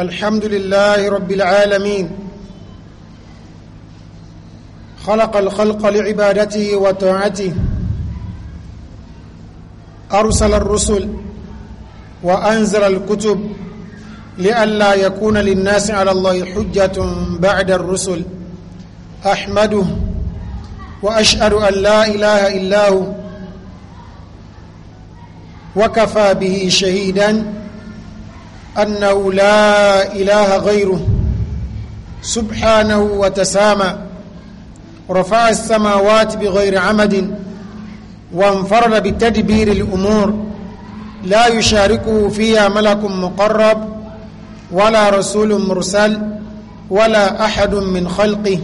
الحمد لله رب العالمين خلق الخلق لعبادته وطاعته أرسل الرسل وأنزل الكتب لئلا يكون للناس على الله حجة بعد الرسل أحمده وأشهد أن لا إله إلا هو وكفى به شهيداً أنه لا إله غيره سبحانه وتسامى رفع السماوات بغير عمد وانفرد بتدبير الأمور لا يشاركه فيها ملك مقرب ولا رسول مرسل ولا أحد من خلقه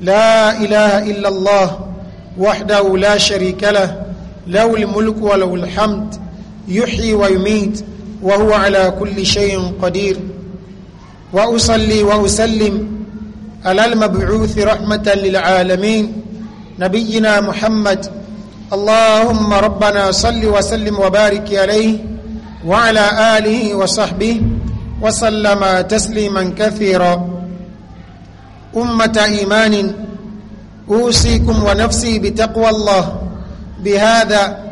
لا إله إلا الله وحده لا شريك له له الملك وله الحمد يحيي ويميت وهو على كل شيء قدير وأصلي وأسلم على المبعوث رحمة للعالمين نبينا محمد اللهم ربنا صل وسلم وبارك عليه وعلى آله وصحبه وسلم تسليما كثيرا أمة إيمان أوصيكم ونفسي بتقوى الله بهذا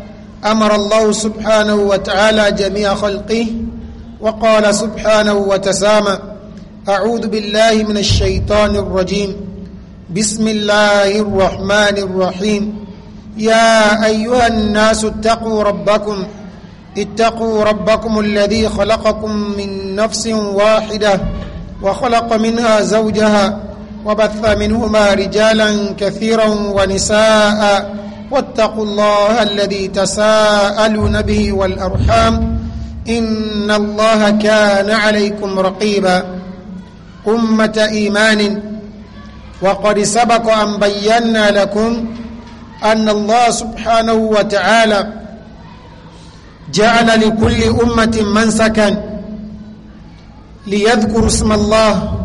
أمر الله سبحانه وتعالى جميع خلقه وقال سبحانه وتسامى أعوذ بالله من الشيطان الرجيم بسم الله الرحمن الرحيم يا أيها الناس اتقوا ربكم اتقوا ربكم الذي خلقكم من نفس واحدة وخلق منها زوجها وبث منهما رجالا كثيرا ونساء واتقوا الله الذي تساءلون به والأرحام إن الله كان عليكم رقيبا أمة إيمان وقد سبق أن بينا لكم أن الله سبحانه وتعالى جعل لكل أمة منسكا ليذكر اسم الله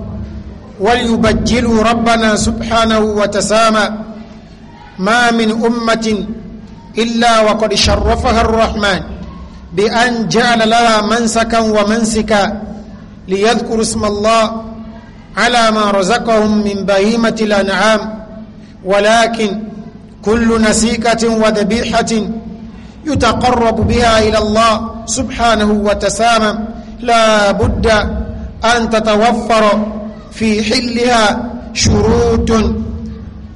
وليبجلوا ربنا سبحانه وتسامى ما من أمة إلا وقد شرفها الرحمن بأن جعل لها منسكا ومنسكا ليذكر اسم الله على ما رزقهم من بهيمة الأنعام ولكن كل نسيكة وذبيحة يتقرب بها إلى الله سبحانه وتسامى لا بد أن تتوفر في حلها شروط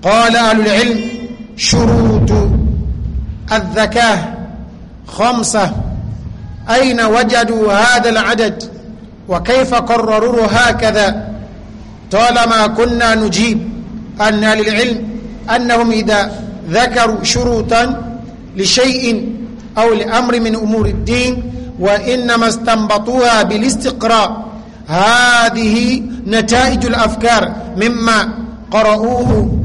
قال أهل العلم شروط الذكاة خمسة أين وجدوا هذا العدد وكيف قرروه هكذا طالما كنا نجيب أن للعلم أنهم إذا ذكروا شروطا لشيء أو لأمر من أمور الدين وإنما استنبطوها بالاستقراء هذه نتائج الأفكار مما قرؤوه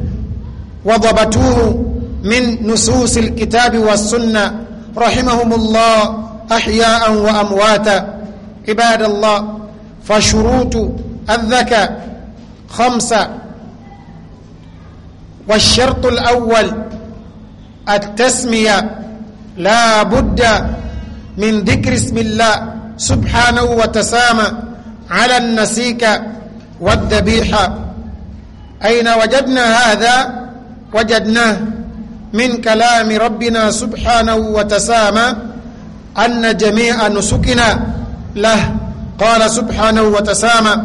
وضبطوه من نصوص الكتاب والسنة رحمهم الله أحياء وأمواتا عباد الله فشروط الذكاء خمسة والشرط الأول التسمية لا بد من ذكر اسم الله سبحانه وتسامى على النسيك والذبيحة أين وجدنا هذا؟ وجدنا من كلام ربنا سبحانه وتسامى أن جميع نسكنا له قال سبحانه وتسامى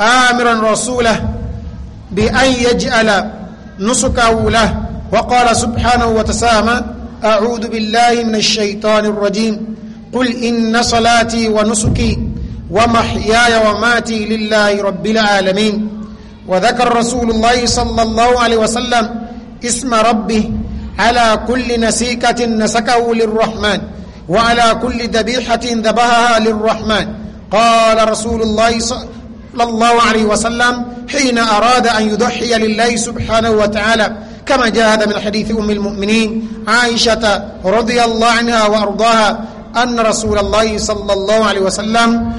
آمرا رسوله بأن يجعل نسكه له وقال سبحانه وتسامى أعوذ بالله من الشيطان الرجيم قل إن صلاتي ونسكي ومحياي وماتي لله رب العالمين وذكر رسول الله صلى الله عليه وسلم اسم ربه على كل نسيكة نسكه للرحمن وعلى كل ذبيحة ذبحها للرحمن قال رسول الله صلى الله عليه وسلم حين أراد أن يضحي لله سبحانه وتعالى كما جاء هذا من حديث أم المؤمنين عائشة رضي الله عنها وأرضاها أن رسول الله صلى الله عليه وسلم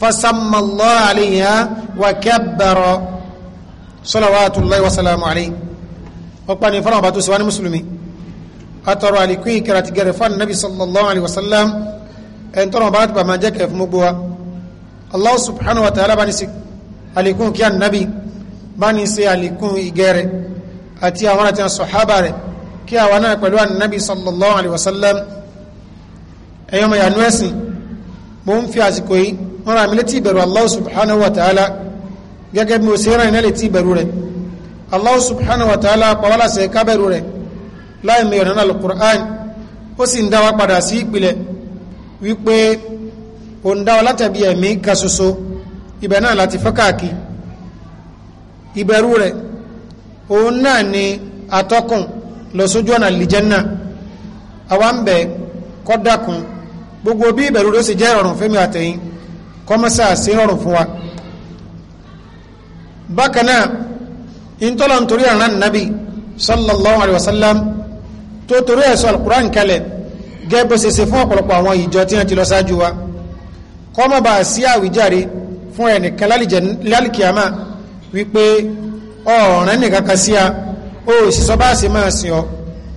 فسمى الله عليها وكبر salawatullahi wa salamu alayhi ọ̀pá ní fọ́nà ọba tó síwá ní mùsùlùmí atọrọ àlìkú ìkẹrẹ àti gẹrẹ fún ànábì sallallahu alayhi wa sallam ẹn tọrọ ọba láti bà máa jẹ́ kẹ fún gbogbo wa allah subhanahu wa ta'ala bá ní sí àlìkún kí ànábì bá ní sí àlìkún ìgẹrẹ àti àwọn àti sọ̀hábà rẹ̀ kí àwọn náà pẹ̀lú ànábì sallallahu alayhi wa ẹ̀yọ́mọ̀ yà nú ẹ̀sìn mo ń fi àsìkò yìí wọ́n rà mí létí ìbẹ̀rù allah subhanahu wa ta'ala gẹ́gẹ́ bí mo ṣe rán ìnálẹ̀ tí ìbẹ̀rù rẹ̀ Allah subhanahu wa ta'ala pàwọ́láṣẹ kábẹ̀rù rẹ̀ láì mẹ́yọ̀ nínú alukur'an ó sì ń dá wa padà sí ìpìlẹ̀ wípé ó ń dá wa látàbí ẹ̀mí ka ṣoṣo ibẹ̀ náà láti fọ́kàkì ìbẹ̀rù rẹ̀ òun náà ni atọ́kùn lọ sójú ọ̀nà lìjẹ́nà àwa ń bẹ̀ kọ́dàkùn gbogbo bí ìbẹ̀rù rẹ̀ ó sì jẹ́ ìrọ̀rùn fẹ́mi àtẹ̀yìn kọ́mọ́sà sí ìrọ̀rùn fún wa bákanáà ìntọ́lọ̀ nítorí àrán nabi sallallahu alaihi wasallam tó torí ẹ̀sọ́ alkùrán kalẹ̀ gẹ́bẹ̀ sẹsẹ fún ọ̀pọ̀lọpọ̀ àwọn ìjọ tí wọ́n ti lọ sáájú wa kọ́ mọ́ bá sí àwíjàre fún ẹnìkan lálìkìyàmá wípé ọ̀ràn nìkan kan sí a ó sì sọ bá sì máa sìn ọ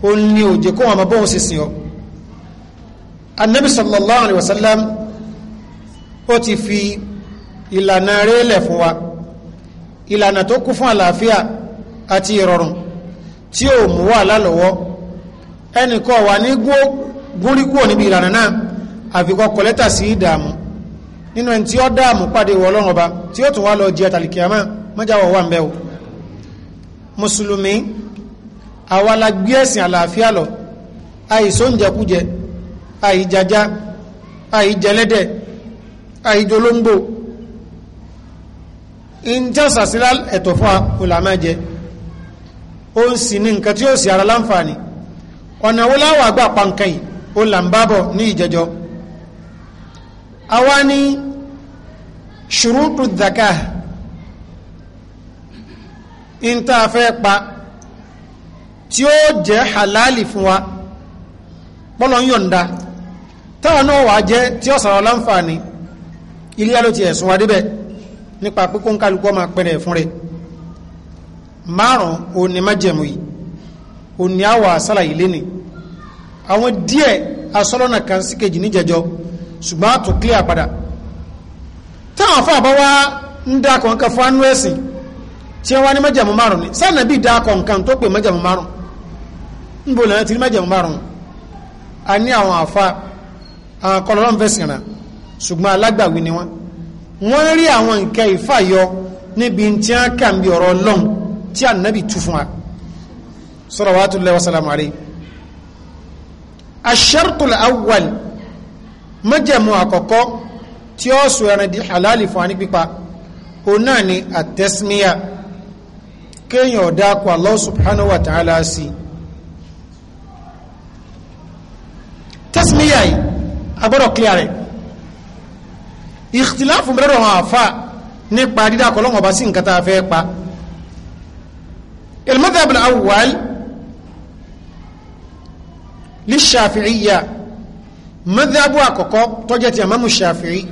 ó ní òjè kó wọn bóun sì sìn ọ annabi sallallahu alaihi wasallam ó ti fi ìlànà rẹ̀ lẹ̀ fún wa ìlànà tó kún fún àlàáfíà àti ìrọ̀rùn tí ò mú wà lálọ́wọ́ ẹnìkan wà ní gúnrígún níbi ìlànà náà àfikọ́ kọ̀lẹ́tà sí ìdààmú nínú ẹni tí ó dààmú pàdé ìwọ̀ ọlọ́run ọba tí ó tún wá lọ jẹ àtàlìkìyàmá mọ́jáwọ̀ wà ń bẹ́ ìjẹ́ sàsílá ẹ̀tọ̀ fún ọlàmá jẹ ó ń sì ní nǹkan tí ó sì ara láǹfààní ọ̀nà wo láwà gbà pàǹkà yìí ó là ń bábọ̀ ní ìjẹjọ àwa ní ṣùrùtù dàkà ń tá pa tí ó jẹ́ halali fún wa pọ́lọ́ ń yọ̀ǹda táwọn náà wà jẹ́ tí ó láǹfààní ilé alóti ẹ̀sùn wa nípa pé kó ń kálukú ọmọ apẹ̀rẹ̀ fún rẹ̀ márùn òun ni májẹ̀mú yìí òun ni àwọ̀ àsálà yìí lé ní àwọn díẹ̀ asọ́lọ́nà kan sí kejì níjẹjọ ṣùgbọ́n a tún clear padà táwọn afọ àbáwá ń dá kọ̀ọ̀kan fún anú ẹ̀sìn tí wọ́n wá ní májẹ̀mú márùn ni sáà nàbí dá kọ̀ọ̀kan tó pè májẹ̀mú márùn ń bò lẹ́yìn tí ní májẹ̀mú márùn a ní àwọn àfa àwọn akọlọ́lọ́ ń fẹ̀sìn rà ṣùgbọ́n alágbàwí ni wọ́n wọ́n rí àwọn nǹkan ìfàyọ níbi tí a kà ń bí ọ̀rọ̀ ọlọ́run tí ànábì tú fún wa salawatullahi wa salamu alayhi ash-shartul awwal májẹ̀mú àkọ́kọ́ tí ó sọ ẹran di halali fún àní pípa òun náà ni àtẹ́símíyà kéèyàn ọ̀dá kó Allah subhanahu ta'ala sí tẹ́símíyà yìí agbọ́dọ̀ clear rẹ̀ ìtìláàfù mẹ́rọ̀ àwọn àfà nípa dídákọ̀ lọ́wọ́ bá sí nǹkan tá a fẹ́ pa المذهب الأول للشافعية مذهب أكوكو توجد أمام الشافعي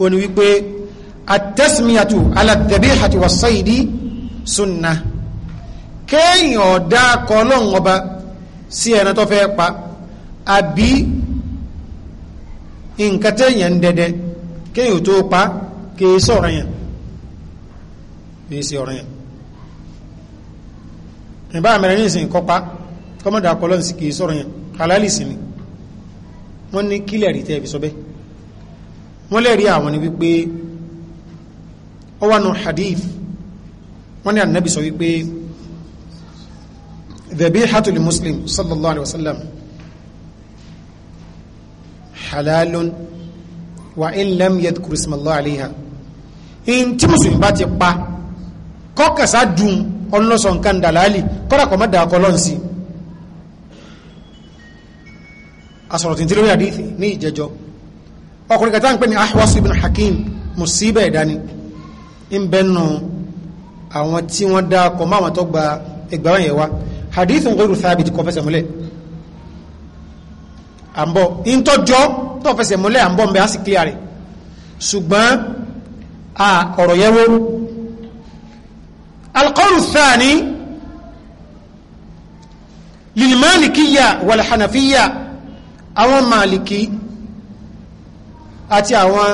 ونويبي التسمية على الذبيحة والصيد سنة كي يودا كولون وبا سيانا توفيقا أبي nǹkan téèyàn ń dẹdẹ kéèyàn tó pa kéè sọ̀rọ̀ yẹn kéè sí ọ̀rọ̀ yẹn ìbá mẹ́rin ní ìsìn kọ́pa kọ́mọ̀dà kọlọ́n sí kéè sọ̀rọ̀ yẹn halali sí ni wọ́n ní kílẹ̀ rí tẹ́ fi sọ bẹ́ẹ̀ wọ́n lè rí àwọn ni wípé ó wà nù hadith wọ́n ní ànábì sọ wípé dhabihatul muslim sallallahu alaihi wasallam halalun wa in lam yadhkur ismallah alayha in tí mùsùlùmí bá ti pa kọ́kàsá dùn ọlọ́sọ̀ nǹkan dàlálì kọ́dàkọ̀ mọ́ dàkọ́ lọ́n sí asọ̀rọ̀ tí tílórí àdíthì ní ìjẹjọ́ ọkùnrin kẹta ń pè ní ahwas ibn hakim musibẹ̀ ìdání ń bẹnu àwọn tí wọ́n dàkọ̀ máwọn tó gba ẹgbàwọ̀n yẹwa hadith ń gọ́rù thabit kọfẹsẹ̀ múlẹ̀ àmbọ̀ ìntọ́jọ́ tó fẹsẹ̀ múlẹ̀ àmbọ̀ mẹ́ àsì kílíà rẹ̀ ṣùgbọ́n a ọ̀rọ̀ yẹn wo alqawlu thani lilmalikiya walhanafiya àwọn maliki àti àwọn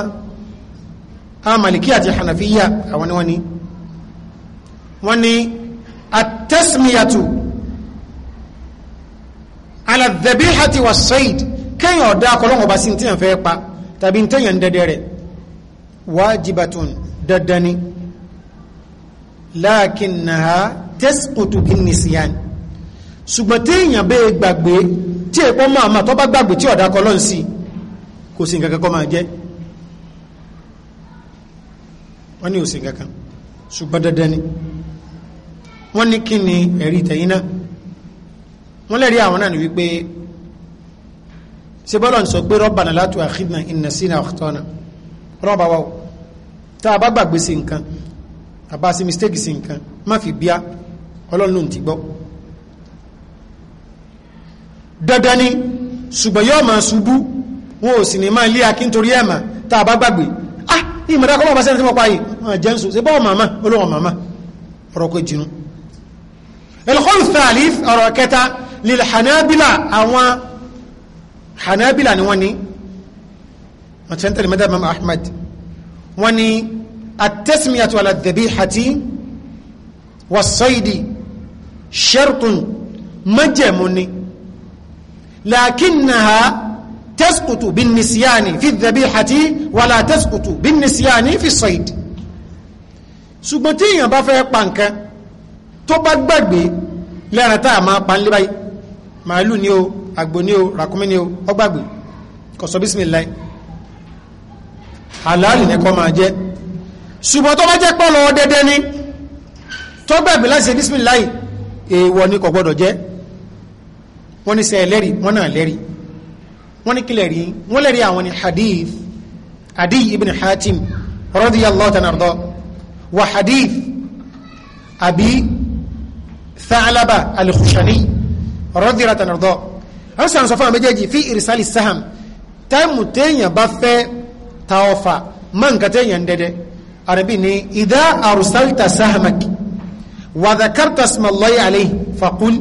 àwọn àti hanafiya àwọn ni wọ́n ni wọ́n ni at aladhabihati wa said kéèyàn ọ̀dá akọlọ́wọ́ ọba sí tíyàn fẹ́ pa tàbí tíyàn dẹdẹ rẹ̀ wajibatun dandani lakinnaha tasqutu bin nisyan ṣùgbọ́n tíyàn bẹ́ gbàgbé tí èpọ́ máa ma tó bá gbàgbé tí ọ̀dá akọlọ́n sí kò sí nǹkan kọ́ máa jẹ́ wọ́n ní ò sí nǹkan ṣùgbọ́n dandani wọ́n ní kí ni ẹ̀rí tẹ̀yìn náà wọ́n lẹ́rí àwọn náà ni wípé ṣe bọ́lọ̀ ń sọ pé rabbana la tu'akhidhna in nasina aw akhtana rọ́bà wa tá a bá gbàgbé sí nǹkan àbá sí mistake sí nǹkan má fi bíá ọlọ́run ló ń ti gbọ́ dandan ni ṣùgbọ́n yóò máa ṣubú wọn ò sì ní máa lé akí nítorí ẹ̀mà tá a bá gbàgbé ah ìmọ̀dá kọ́ bàbá sẹ́ni tí mo pa yìí wọn jẹ́ ń sùn ṣe bọ́ọ̀ màmá olóhùn màmá ọ̀rọ̀ kò jìnnú ẹ̀lọ́kọ́ ìfẹ́ àlìf ọ̀rọ̀ lil hanabila àwọn hanabila ni wọ́n ní wọ́n tẹ́ ń tẹ̀lé madhab imam ahmad wọ́n ní at-tasmiyatu ala dhabihati was-saydi shartun májẹ̀mú ni lakinnaha tasqutu bin-nisyani fi dhabihati wala tasqutu bin-nisyani fi saydi ṣùgbọ́n tí èèyàn bá fẹ́ pa nǹkan tó bá gbàgbé lẹ́ran tá a pa ń lé màálù ni o àgbò ni o ràkúnmí ni o ọgbàgbé kò sọ bísímìlá àlàálì ní kọ́ máa jẹ́ ṣùgbọ́n tó bá jẹ́ pọ́ lọ dẹ́dẹ́ ni tó gbàgbé láti ṣe bísímìlá èèwọ̀ ni kò gbọ́dọ̀ jẹ́ wọ́n ní sẹ́ ẹlẹ́rìí wọ́n náà lẹ́rìí wọ́n ní kílẹ̀ rí wọ́n lẹ́rìí àwọn ni hadith adi ibn hatim radiyallahu tanardọ́ wa hadith abi thalaba al rọ́dìrà tànàdọ́ wọ́n sàn sọ fún àwọn méjèèjì fi ìrìsálì sáhàm táìmù téèyàn bá fẹ́ ta ọfà mọ́ nǹkan téèyàn dẹ́dẹ́ àrẹ́bí ni ìdá àrùsálítà sáhàmàk wàdàkàrtà smalọ́yà àlẹ́ fàkún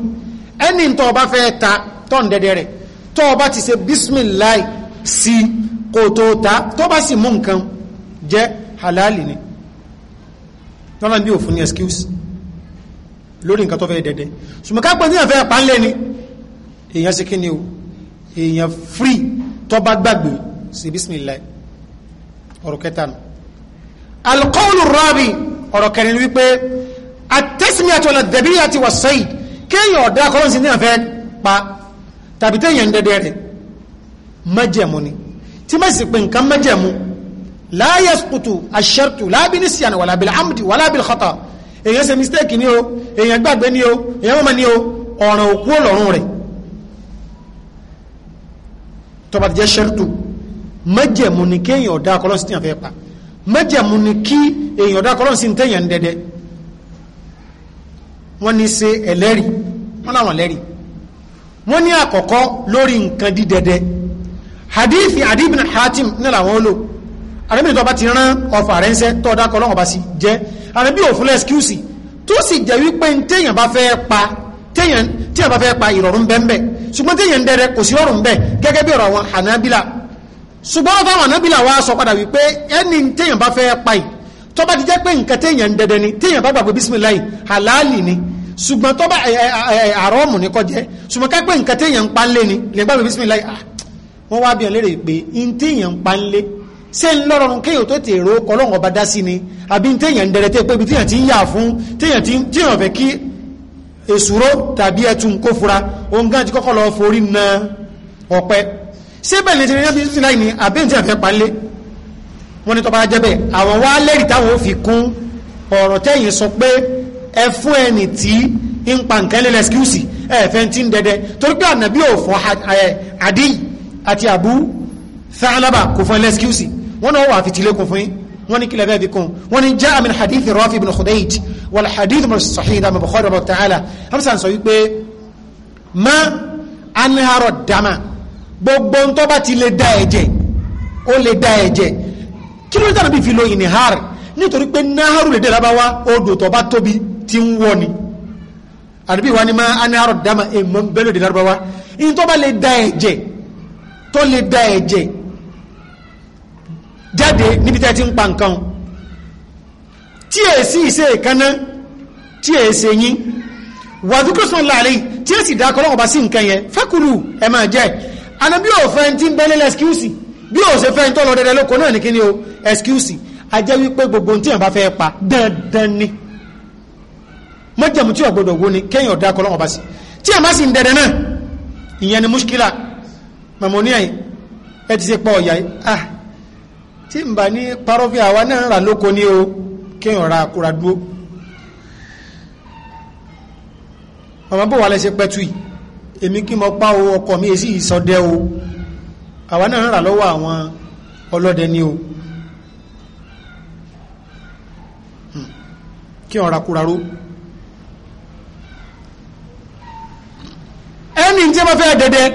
ẹni tó ọba fẹ́ ta tọ́ ń dẹ́dẹ́ rẹ̀ tó ọba ti ṣe bísmìláì sí kò tó ta tó bá sì mú nǹkan jẹ́ halali ni. tọ́lá bí òfin ni excuse lórí nǹkan tó fẹ́ dẹ̀dẹ̀ ṣùgbọ́n ká pẹ́ tí èèyàn fẹ́ pa ńlẹ̀ ni èèyàn sí kí ni o èèyàn free tó bá gbàgbé sí bismillah ọ̀rọ̀ kẹta nù alqawlu rabi ọ̀rọ̀ kẹrin ni wípé at-tasmiyatu wala dhabihati wa kéèyàn ọ̀dá akọ́lọ́n sí ní àfẹ́ pa tàbí téèyàn dẹ́dẹ́ rẹ̀ májẹ̀mú ni tí má pé nǹkan májẹ̀mú la yasqutu ash-shartu la amdi wala bil èyàn ṣe mistake ni o èyàn gbàgbé ni o èyàn mọ́mọ́ ni o ọ̀ràn òkú ọlọ́run rẹ̀ tọba jẹ́ ṣẹ́rìtù mẹ́jẹ̀mú ni kí èyàn ọ̀dá akọlọ́sí tí a fẹ́ pa mẹ́jẹ̀mú ni kí èyàn ọ̀dá akọlọ́sí tí èyàn dẹ́dẹ́ wọ́n ní ṣe ẹlẹ́rì wọ́n láwọn ẹlẹ́rì wọ́n ní àkọ́kọ́ lórí nǹkan dídẹ́dẹ́ hadithi adibin hatim náà làwọn olóò àrẹ́bí tó bá ti rán ọfà rẹ̀ ń sẹ́ tó dákọ̀ lọ́wọ́ bá sì jẹ́ àrẹ́bí ò fún lẹ́skúsì tó sì jẹ́ wípé téèyàn bá fẹ́ pa téèyàn bá fẹ́ pa ìrọ̀rùn bẹ́ẹ̀ ṣùgbọ́n téèyàn dẹrẹ kò sí ọrùn bẹ́ẹ̀ gẹ́gẹ́ bí ọ̀rọ̀ àwọn ànábìlà ṣùgbọ́n táwọn ànábìlà wa sọ padà wípé ẹni téèyàn bá fẹ́ pa yìí tó bá ti jẹ́ pé nǹkan téèyàn dẹdẹ ni téèyàn bá gbàgbé bísímìláì hàlálì ni ṣùgbọ́n tó bá àrọ́ọ̀mù ní kọjẹ́ ṣùgbọ́n ká pé nǹkan téèyàn ń pa ń lé ni lè gbàgbé bísímìláì ah, wọ́n wá bí ọ̀lẹ́rẹ̀ pé in téèyàn ń pa ń lé ṣé ń lọ́rọ̀rùn kéèyàn tó tèrò kọlọ́wọ̀n ọba dá sí ni àbí téèyàn ń dẹrẹ tẹ́ pé ibi téèyàn ti ń yà fún téèyàn ti téèyàn fẹ́ kí èsúró tàbí ẹtùn kó fura òun gan ti kọ́kọ́ lọ forí na ọ̀pẹ ṣé bẹ́ẹ̀ lè ṣe ní ẹbí láì ní àbí téèyàn fẹ́ palẹ̀ wọn ni tọ́ba jẹ́ bẹ́ẹ̀ àwọn wá lẹ́rìí táwọn ò fi kún ọ̀rọ̀ tẹ́yìn sọ pé ẹ fún ẹni tí ń pa nǹkan lẹ́lẹ́ ẹ́skúùsì wọ́n náà wà fìtílé kún fún yín wọ́n ní kílẹ̀ bẹ́ẹ̀ bí kún wọ́n ní já àmì hadith rafi ibn khudayt wal hadith mọ̀ sọ̀hìn àmì bukhari ọmọ ta'ala hamsan sọ wípé ma anharo dama gbogbo ń tọ́ba ti lè da ẹ̀jẹ̀ ó lè da ẹ̀jẹ̀ kí ló ń tàbí fi lo ìnihar nítorí pé náhàrù lè dé lábáwá odò tọ́ba tóbi ti ń wọ́ ni àdúbí wa ni ma anharo dama èèmọ̀ bẹ́ẹ̀ lè dé lábáwá ìyẹn tọ́ba lè da ẹ̀jẹ̀ tó lè da ẹ̀jẹ̀ jáde níbi tẹ́ ti ń pa nǹkan tí è sí ìṣe ìkaná tí è ṣe yín wàdúkọ̀sán láàrin tí è sì dá kọ́lọ́wọ́ bá sí nǹkan yẹn fẹ́kùrù ẹ̀ máa jẹ́ àná bí òfin tí ń bẹ́lẹ́ lẹ́skúùsì bí ò ṣe fẹ́ ń tọ́lọ dẹ́dẹ́ lóko náà ní kí ni o ẹ̀skúùsì a jẹ́ wípé gbogbo tí èèyàn bá fẹ́ pa dandan ni mọ́jẹ̀mú tí ò gbọdọ̀ wo ni kéèyàn dá kọ́lọ́wọ́ bá sí tí èèyàn bá sì ń dẹ́dẹ́ náà ìyẹn ni muskila màmúníà yìí ẹ ti ṣe pọ̀ ọ̀yà yìí ah tí n bá ní parọ́fì àwa náà rà lóko ní o kéèyàn ra kóra dúró ọmọ bó wà lẹ́sẹ̀ pẹ́tù yìí èmi kí mo pa owó ọkọ̀ mi èsì ìsọdẹ o àwa náà rà lọ́wọ́ àwọn ọlọ́dẹ ní o kí ọ̀rà kúra ró ẹni tí wọ́n fẹ́ dẹ́dẹ́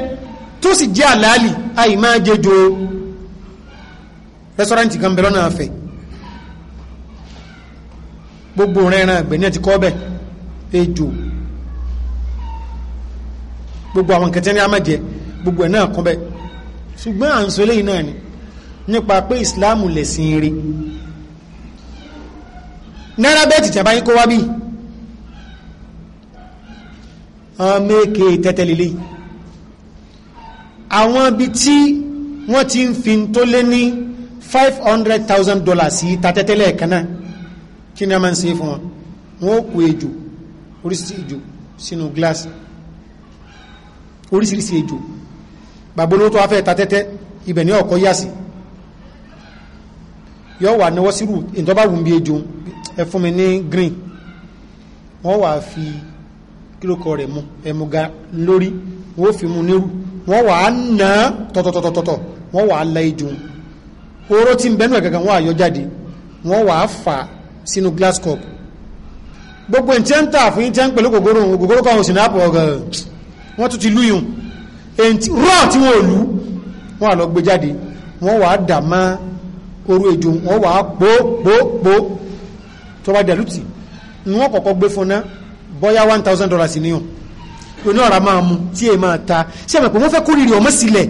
tó sì jẹ́ àlàálì àì máa jẹjọ́ rẹ́sọ́rántì kan bẹ̀rẹ̀ náà fẹ̀ gbogbo rẹ̀ ẹran ẹgbẹ̀ ní ẹ̀ ti kọ́ bẹ̀ ejò gbogbo àwọn kẹtẹ́ ní amájẹ gbogbo ẹ̀ náà kọ́ bẹ̀ ṣùgbọ́n à ń sọ eléyìí náà ni nípa pé ìsìláàmù lẹ̀sìn rí náírà bẹ́ẹ̀ tìtì àbáyé kó wá bí ọmọkè tẹ́tẹ́lélẹ́yìí àwọn ibi tí wọ́n ti ń fi tó lé ní five hundred thousand dollars yìí ta tẹ́tẹ́lẹ̀ kan náà kí ni a máa ń ṣe fún wọn wọn ó kó ejò oríṣiríṣi ejò sínú gíláàsì oríṣiríṣi ejò bàbá olówó tó wá fẹ́ ta ibẹ̀ ní ọ̀kọ́ yá sí yọ wà náwó sírù ìtọ́ba wù bí ejò ẹ fún mi ní green wọ́n wà fi kílókọ rẹ̀ mu ẹ̀mùga lórí wọ́n fi mu nírú wọ́n wà á nà tọ̀tọ̀tọ̀tọ̀tọ̀ wọ́n wà á la ejò oró tí ń bẹnu ẹ̀ gangan wọ́n àyọ jáde wọ́n wà á fà sínú glass cup gbogbo ẹ̀ tí ń tà fún yín tí ń pẹ̀lú gògóró òun gògóró kan òsì náàpọ̀ ọ̀gá wọ́n tún ti lú yùn rọ́ọ̀ tí wọ́n lù wọ́n àlọ́ gbé jáde wọ́n wà á dà mọ́ oró èjò wọ́n wà á pò pò pò tó bá dàlútì ni wọ́n kọ́kọ́ gbé fún náà bọ́yá one thousand dollars níyàn oní ọ̀rá máa mu tí èè máa ta ṣé àmì wọ́n fẹ́ kórìrì ọmọ sílẹ̀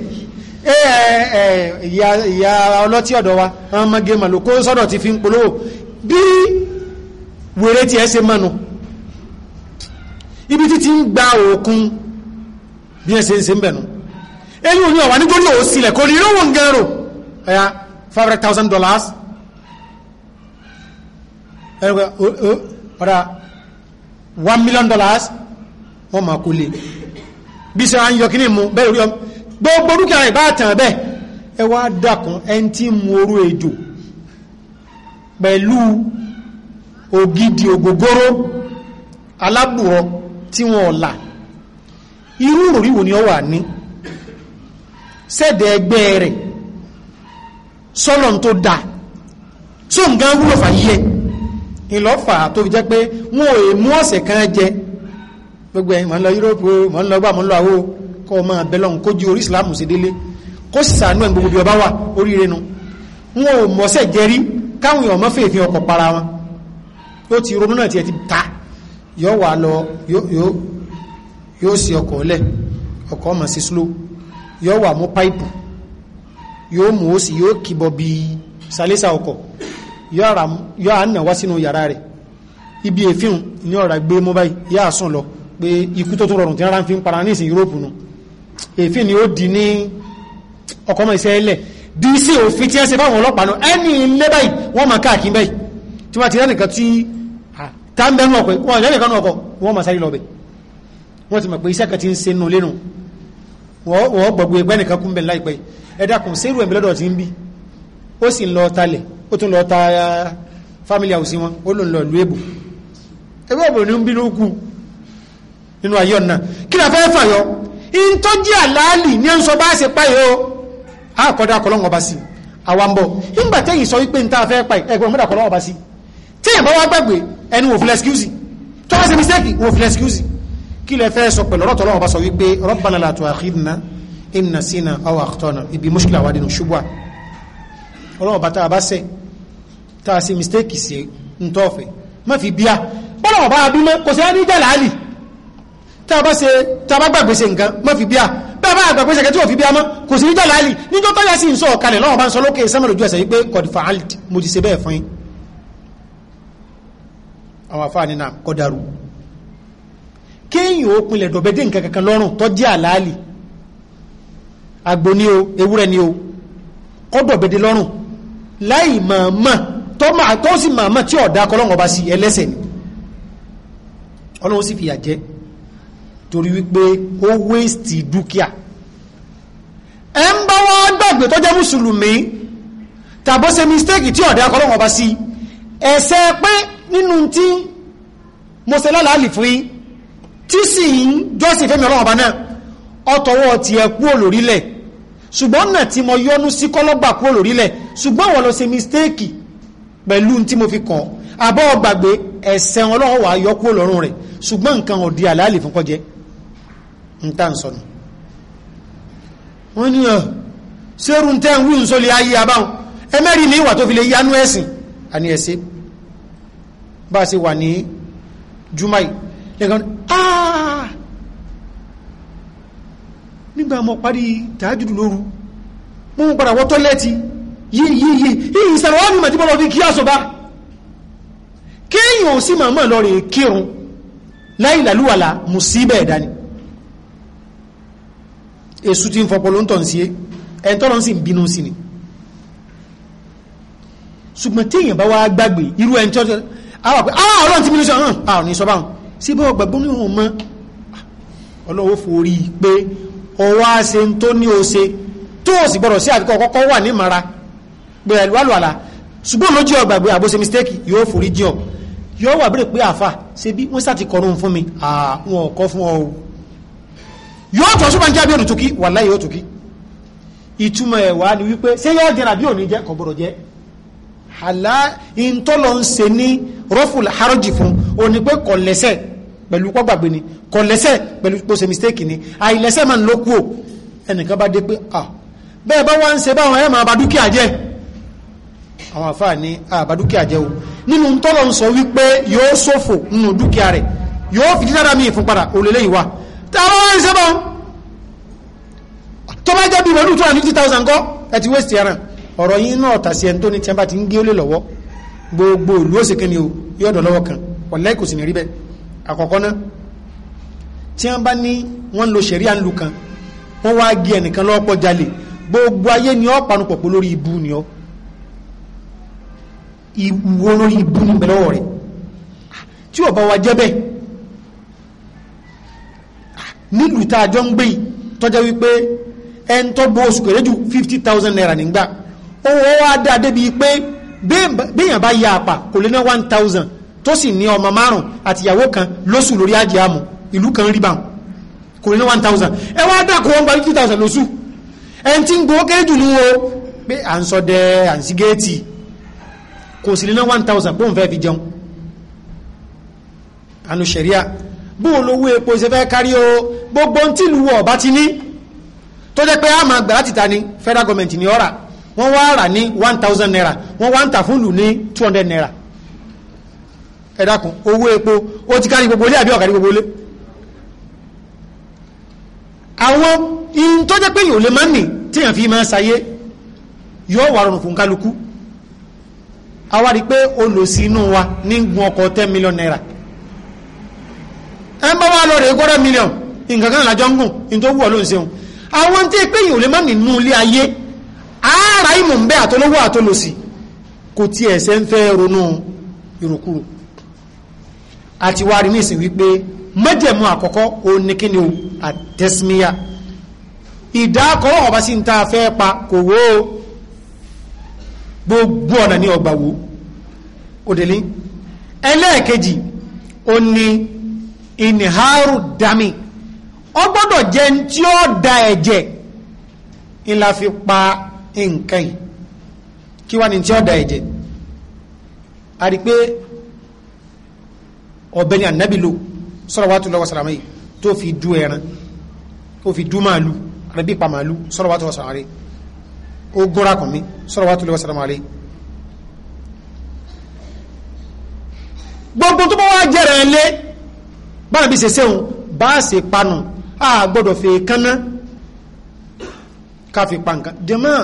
Eh, eh, eh, ìyá ọlọ́tí ọ̀dọ̀ wa àwọn ọmọ gẹ́mà ló kó sọ́dọ̀ ti fi ń polówó bí wèrè tí ẹ ṣe mọ́nu ibi títí ń gba òkun bí ẹ ṣe ń ṣe ń bẹ̀nu ẹ̀yìn òní ọ̀wà nígbórí ò sílẹ̀ kò rí lówó ń gẹ́rò ẹ̀yà five hundred thousand dollars ẹ̀rọ ọ̀dà one million dollars wọ́n máa kó lé bí sọ à ń yọ kí ni mu bẹ́ẹ̀ rí ọmọ gbogbo dúkìá rẹ̀ bá tàn ẹ wá tí ejò pẹ̀lú ògidì ògógóró alábùrọ tí wọn ọ̀la irú òrìwò ni ọ wà ní sẹ́ẹ̀dẹ̀ ẹgbẹ́ rẹ̀ sọ́nà tó da tó nǹkan wúlò fàyíyẹ ìlọ́fà tó fi jẹ́ pé wọn ò mú ọ̀sẹ̀ kan jẹ gbogbo ẹ̀ ń lọ ń lọ kọ́ ọmọ abẹ́lọ́n kó jí orí ìsìlámù sí délé kó sì sàánú ẹ̀ gbogbo bí ọba wà oríire nu wọn ò mọ̀ọ́sẹ̀ jẹrí káwọn èèyàn mọ́fẹ́ ìfihàn ọkọ̀ para wọn ó ti ronú náà tiẹ̀ ti ta yóò wà lọ yóò sí ọkọ̀ ọ̀lẹ̀ ọkọ̀ ọmọ sí slow yóò wà mú páìpù yóò mú ó sì yóò kìbọ̀ bí sálẹ́sà ọkọ̀ yóò àná wá sínú yàrá rẹ̀ ibi èéfín ni ọ̀rà gbé mobile yáà sùn lọ pé ikú tó tó rọrùn tí rárá ń fi ń para ní ìsìn Yúróòpù nù èéfín ni ó di ní ọkọ̀mọ̀ iṣẹ́ ilẹ̀ dc òfin tí ẹ ṣe fáwọn ọlọ́pàá náà ẹni ilé báyìí wọ́n máa káàkiri báyìí tí wọ́n ti rẹ́ nìkan tí táǹbẹ̀ ń ọkọ̀ wọ́n rẹ́ nìkan náà ọkọ̀ wọ́n máa sáré lọ bẹ̀ wọ́n ti mọ̀ pé iṣẹ́ kan ti ń ṣe nù lẹ́nu wọ́n gbọ̀gbọ̀ ẹgbẹ́ nìkan kún bẹ̀ láìpẹ́ ẹ dákun sẹ́rù ẹ̀mí lọ́dọ̀ ti ń bí ó sì ń lọ talẹ̀ ó tún lọ ta family house wọn ó lò ń lọ lu èbò ẹgbẹ́ òbò ní ń bínú kú nínú ayé ọ̀nà kí ni a fẹ́ fàyọ in tó jí àlàálì ní ẹnsọ bá ṣe páyé o a kọ́dá kọlọ́wọ́ bá sí àwàmbọ̀ nígbà tẹ́yìn sọ wípé níta fẹ́ páyé ẹgbẹ́ mọ́dà kọlọ́wọ́ bá sí tí ìbá wá gbàgbé ẹni wò fílẹ̀ skúsì tó wá ṣe mistake wò fílẹ̀ skúsì kí lẹ fẹ́ sọ pẹ̀lú ọ̀rọ̀ bá sọ wípé rabbana la tu'akhidhna in nasina aw akhtana ibi mushkila wà tàbá gbàgbèsè nǹkan mọ́ fi bíà bàbá àgbàgbèsè kẹtí ò fi bíà mọ́ kò sí níjọ́ láàlì níjọ́ tọ́lá sí ń sọ ọ̀kalẹ̀ lọ́wọ́ bá ń sọ lókè sẹ́mọ̀lù ojú ẹ̀sẹ̀ wípé kọ̀dì fàálì mo ti ṣe bẹ́ẹ̀ fún yín àwọn afá nínà kọ́dàrú kéyìn ó pinlẹ̀ dọ̀bẹ́dẹ́ nǹkan kankan lọ́rùn tó jẹ́ àlàálì àgbò ni o ewúrẹ́ ni o kọ́dọ̀bẹ́dẹ́ lọ́rùn láì màmá tó sì màmá tí ọ̀dà kọlọ́wọ́ bá sí ẹlẹ́sẹ̀ ni ọlọ́run sì fìyà jẹ́ torí wípé ó wéèstì dúkìá ẹ ń bá wọn gbàgbé tó jẹ́ mùsùlùmí tàbó ṣe mistake tí ọ̀dẹ́ akọlọ́wọ̀n ọba sí ẹ̀ṣẹ̀ pé nínú tí mo ṣe lálàálì fún yín tí sì ń jọ́sìn fẹ́mi ọlọ́wọ̀n ọba náà ọtọwọ́ ti ẹ kúrò lórílẹ̀ ṣùgbọ́n náà tí mo yọnu sí kọ́lọ́gbà kúrò lórílẹ̀ ṣùgbọ́n wọ́n lọ ṣe mistake pẹ̀lú tí mo fi kàn àbọ̀ gbàgbé ẹ̀ṣẹ̀ ọlọ́wọ̀n wà yọ kúrò lọ́rùn rẹ̀ ṣùgbọ́n nǹkan ọ̀dí àlàálì fún kọjẹ́ ń tà ń sọnù wọ́n ní ọ̀ sẹ́rùn tẹ́ wí ń sólè ayé abáhùn ẹmẹ́rin ní ìwà tó fi lè yánú ẹ̀sìn àní ẹ̀sìn bá a wà ní jumai lẹ́gbẹ̀ẹ́ aaa nígbà mọ̀ parí tàájùdù lóru mọ́ mọ́ padà wọ́ tọ́lẹ́tì yìí yìí yìí ìsàrọ̀ wọ́n mímọ̀ tí bọ́lọ̀ fi kí àṣọba kéèyàn sí màmá lọ rè kírun láìlàlúwàlà mùsíbẹ̀ ẹ̀dá èsù ti ń fọpọ̀ ló ń tọ̀ sí ẹ̀ tọ́lọ́ sì ń bínú sí ni ṣùgbọ́n téèyàn bá wá gbàgbé irú ẹni tọ́jọ́ àwọn pé ah ọlọ́run ti bínú sí ọ̀hún àwọn ní sọ́bà sí bọ́ gbàgbọ́ ní òun mọ́ ọlọ́wọ́ forí pé ọwọ́ àṣẹ tó ní o ṣe tó o sì gbọ́dọ̀ sí àfikọ́ kọ́kọ́ wà ní mara pẹ̀lú àlùwàlà ṣùgbọ́n lójú ọgbàgbé àbóṣe mistake yóò forí jìn yóò wà bẹ̀rẹ̀ pé àfà ṣe bí wọ́n sá ti kọrun fún mi àwọn ọ̀kọ́ fún ọ o yóò tọ́ súnmọ́ jẹ́ abẹ́rù tókí wàláhì yóò tókí ìtumọ̀ ẹ̀ wá ni wípé ṣé yóò jẹ́ àbí òní jẹ́ kò gbọ́dọ̀ jẹ́ àlá ìntọ́lọ̀ ń ṣe ní rọ́fùl harajì fún òní pé kò pẹ̀lú kọ́gbàgbé ni kò pẹ̀lú kò mistake ni àìlẹ́sẹ̀ máa ń ló kú ò ẹnìkan bá dé pé à bẹ́ẹ̀ bá wá ń ṣe báwọn ẹ̀ máa bà dúkìá jẹ́ àwọn àfáà ní àbá dúkìá jẹ́ o nínú ntọ́lọ̀ ń sọ wípé yóò ṣòfò nínú dúkìá rẹ̀ yóò fi dídára míì fún òlélẹ́yìí wa tààrà wọ́n ń sẹ́bọ̀ tó bá jẹ́ bí ìwọ̀n 250,000 kọ́ ẹ ti wéṣì ẹran ọ̀rọ̀ yìí náà tàṣí ẹni tó ní tẹ́mbà ti ń gé olè lọ́wọ́ gbogbo ni o kan ọ̀lẹ́ sì ní rí àkọ́kọ́ náà tí wọ́n bá ní wọ́n lu kan wọ́n wá gé ẹnìkan lọ́pọ̀ jalè gbogbo ayé ni ọ́ panu pọ̀pọ̀ lórí ibu ni ọ́ ìwo lórí ibu ni bẹ̀rẹ̀ tí nílùú tá a jọ ń gbé yìí tọ́jọ́ wípé ẹn tó bó oṣù kéré ju fifty thousand naira nígbà owó wa dá débi pé béèyàn bá ya àpà kò lé ná one thousand tó sì ní ọmọ márùn àtìyàwó kan lóṣù lórí ajé àmọ́ ìlú kan rí báwọn kò lé ná one thousand ẹ wá dà kó wọn gba fifty thousand lóṣù ẹn tí ń gbowó kéré jù ní wo pé à ń sọ dẹ à ń sí géètì kò sì lé ná one thousand bóun fẹ́ fi jẹun àánú sẹ̀ríà bó olówó epo ṣe fẹ́ kárí o gbogbo tí ìlú wọ̀ bá ti ní tó jẹ́ pé a máa gbà láti ta ni federal government ní ọ̀rà wọ́n wá rà ní one thousand naira wọ́n wá ń tà fún ìlú ní two hundred naira ẹ dákun owó epo ó ti kárí gbogbo ilé àbí ọ̀kárí gbogbo ilé àwọn ihun tó jẹ́ pé yóò lè máa nì tí èèyàn fi máa ṣayé yóò wà rọrùn fún kálukú a wá rí pé olùsí inú wa ní gun ọkọ̀ ten million naira ẹ bá wà lọ rẹ̀ gbọ́dọ̀ mílíọ̀n nǹkan kan làjọ ń gùn ní tó wù ọ́ ló ń ṣeun àwọn tí pé yìí ò lè má nínú ilé ayé ara ìmọ̀ ń bẹ́ àtọlówó àtọlòsì kò tí ẹ̀sẹ̀ ń fẹ́ ronú ìrùkúrò àti wá rí nísìn wípé mẹ́jẹ̀mú àkọ́kọ́ òun ní kíni o àtẹ́símíyà ìdákọ́rọ̀ ọba sí ń ta fẹ́ pa kò wó gbogbo ọ̀nà ní ọgbà wo òdèlé ẹlẹ́ẹ̀kejì ó ní inharu dami ó gbọ́dọ̀ jẹ́ ní tí ó da ẹ̀jẹ̀ ńlá fi pa nǹkan yìí kí wá ní tí ó da ẹ̀jẹ̀ a rí pé ọ̀bẹ ni ànábì lò salawatullahi wa salamu yìí tó fi du ẹran tó fi du màálù ànábì pa màálù salawatullahi wa salamu rẹ̀ ó gúnra kàn mí salawatullahi wa salamu rẹ̀ gbogbo tó bá wá jẹ́rẹ̀ lé bára bí sẹ́sẹ́ òun bá ṣe panu a gbọ́dọ̀ fi kánná ká fi pa nǹkan dèmọ́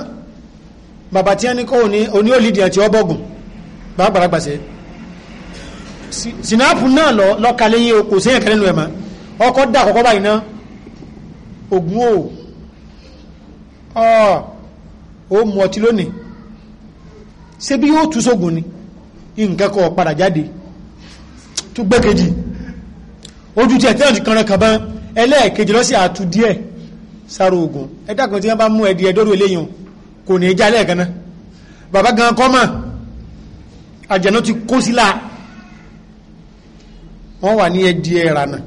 bàbá tí a ní kọ́ òní olídìí àti ọbọ̀gùn bàbá gbàlagbàṣẹ́ sinapu náà lọ lọ́kàlẹ́ yìí kò sẹ́yìn kẹrẹ́nu ẹ̀ ọkọ̀ dà kọ́kọ́ báyìí ná ògùn o ah, ó mu ọtí lónìí ṣé bí yóò tú sógun ni nǹkan kọ́ padà jáde tó gbẹ́kejì ojú tí ẹ̀tẹ́ ọ̀dì kanra kan bá ẹlẹ́ẹ̀kejì lọ́sí àtú díẹ̀ sára ogun ẹ̀dàkùn tí wọ́n bá mú ẹ̀dì ẹ̀dọ́rù eléyìn kò ní já lẹ́ẹ̀kan náà bàbá gan kọ́ mọ̀ àjẹ̀nà ti kó sílá wọ́n wà ní ẹ̀dì ẹ̀rànà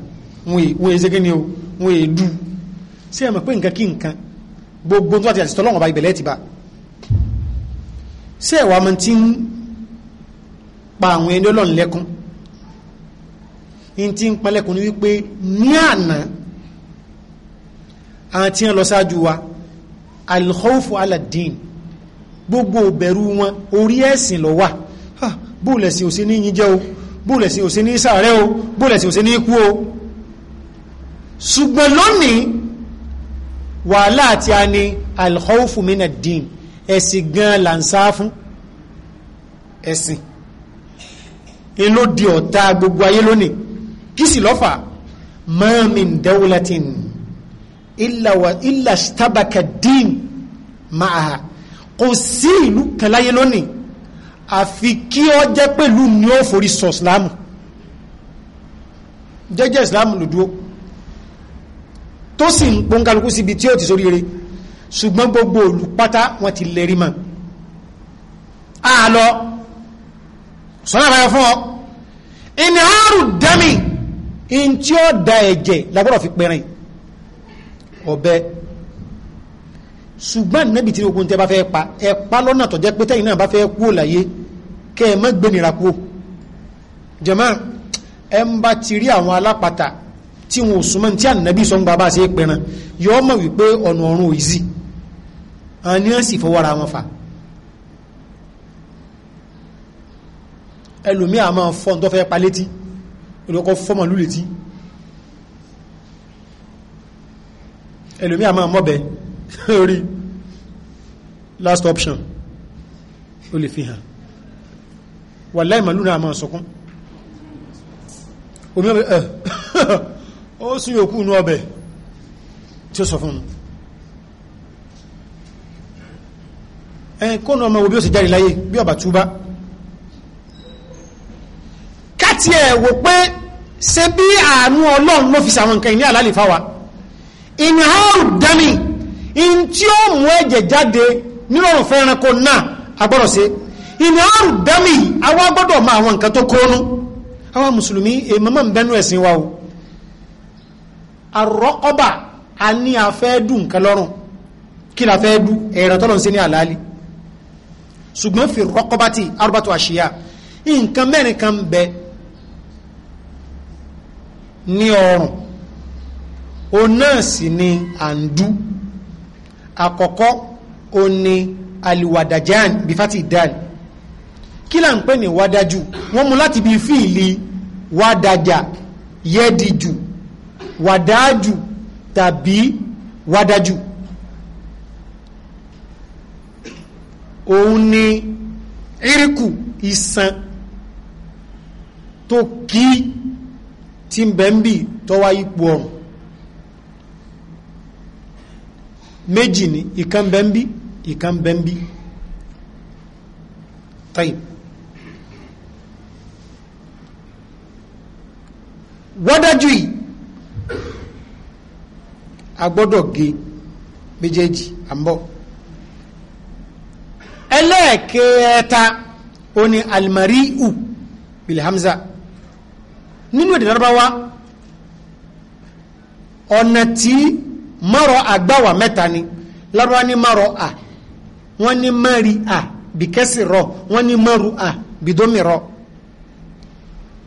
wọ́n èsè kíni o wọ́n èdú sí ẹ̀mọ̀ pé nǹkan kí nǹkan gbogbo tó àti àtìsọ́ lọ́wọ́n bá ibẹ̀lẹ́ ti bá sí ẹ̀wà mọ̀ tí ń pa àwọn ẹni ọlọ́run lẹ́kún in ti ń pẹ́lẹ́kùn ní wípé ní àná àwọn tí wọ́n lọ sáájú wa alkhawfu aladdin gbogbo ìbẹ̀rù wọn orí ẹ̀sìn lọ wà bóòlẹ̀sìn ò sí ní yín jẹ́ o bóòlẹ̀sìn ò sí ní sàárẹ́ o bóòlẹ̀sìn ò sí ní ikú o ṣùgbọ́n lónìí wàhálà àti a ni alkhawfu ẹ̀sìn gan là ń sá fún ẹ̀sìn in di ọ̀tá gbogbo ayé lónìí kí sì lọ́fà ma min dawlatin illa wa illa istabaka din ma'aha kò sí ìlú kan láyé lónìí àfi kí ọ jẹ́ pẹ̀lú ní ó forí sọ ìsìlámù jẹ́jẹ́ ìsìlámù lòdúó tó sì ń pọ́nkálukú síbi tí ó ti sórí rẹ̀ ṣùgbọ́n gbogbo olùpátá wọn ti lẹ́rí mọ́ àlọ́ sọ́nà àbáyọ fún ọ ìnìyàrú dẹ́mì in tí ó da ẹ̀jẹ̀ lagbọ́dọ̀ fi pẹ̀rin ọ̀bẹ ṣùgbọ́n nẹ́bi tí ogun tẹ́ bá fẹ́ pa ẹ pa lọ́nà tó jẹ́ pé tẹ́yìn náà bá fẹ́ kú òláyé kẹ́ ẹ má gbé nira kú jàmá ẹ ń bá ti rí àwọn alápatà tí wọn ò súnmọ́ tí ànábì sọ ń gba bá a ṣe pẹ̀ran yọ ọmọ wípé ọ̀nà ọ̀run ò yìí àní ẹ̀ fọwọ́ra wọn fà ẹlòmíà máa fọ́n tó fẹ́ pa létí olókọ́ fọ́mọ̀ lúlé tí ẹlòmí àmọ́ mọ́bẹ̀ orí last option ó lè fi hàn wà láìmọ̀ lúnà àmọ́ sọkún omi ọbẹ̀ ẹ̀ ó sún yóò kú inú ọbẹ̀ tí ó sọ fún un kónú ọmọ wo bí ó sì jáde láyé bí ọba túbá káti ẹ̀ wò pé ṣe bí àánú ọlọ́run ló fi sàwọn nǹkan ní àlálì fáwa ìnáhàrù dami in tí ó mú ẹ̀jẹ̀ jáde nírọ̀rùn fẹ́ranko náà agbọ́dọ̀ ṣe ìnáhàrù dami àwa gbọ́dọ̀ mọ àwọn nǹkan tó kónú àwa mùsùlùmí èèmọ́mọ́ ń bẹ́nu ẹ̀sìn wa o àrọ́kọ́bà a ní afẹ́ dùn nǹkan lọ́rùn kí la fẹ́ dùn ẹ̀rọ tọ́lọ́ ń ṣe ní àlálì ṣùgbọ́n fi rọ́kọ́bà ti arúbátò àṣìyà nǹkan mẹ́rin kan bẹ́ẹ̀ ní ọrùn o náà sì ni àǹdú àkọ́kọ́ o ní aliwadajan bifati dan kí là ń pè ní wadaju wọ́n mú láti bí fíìlì wadaja yẹ́dìjù wadaju tàbí wadaju òun ni iriku isan tó kí tí ń bẹ ń bì tọ́wá ipò ọrùn méjì ni ìkan bẹ ń bì ìkan bẹ ń bì tayib wọ́dájú yìí a gbọ́dọ̀ gé méjèèjì àmbọ̀ ẹlẹ́ẹ̀kẹta ó ní almari'u bilhamza nínú èdè lárúbáwá ọ̀nà tí márọ̀ àgbàwà mẹ́ta ni lárúbáwá ní márọ̀ à wọ́n ní mẹ́rin à bí kẹ́sì rọ wọ́n ní mẹ́rù à bí dómi rọ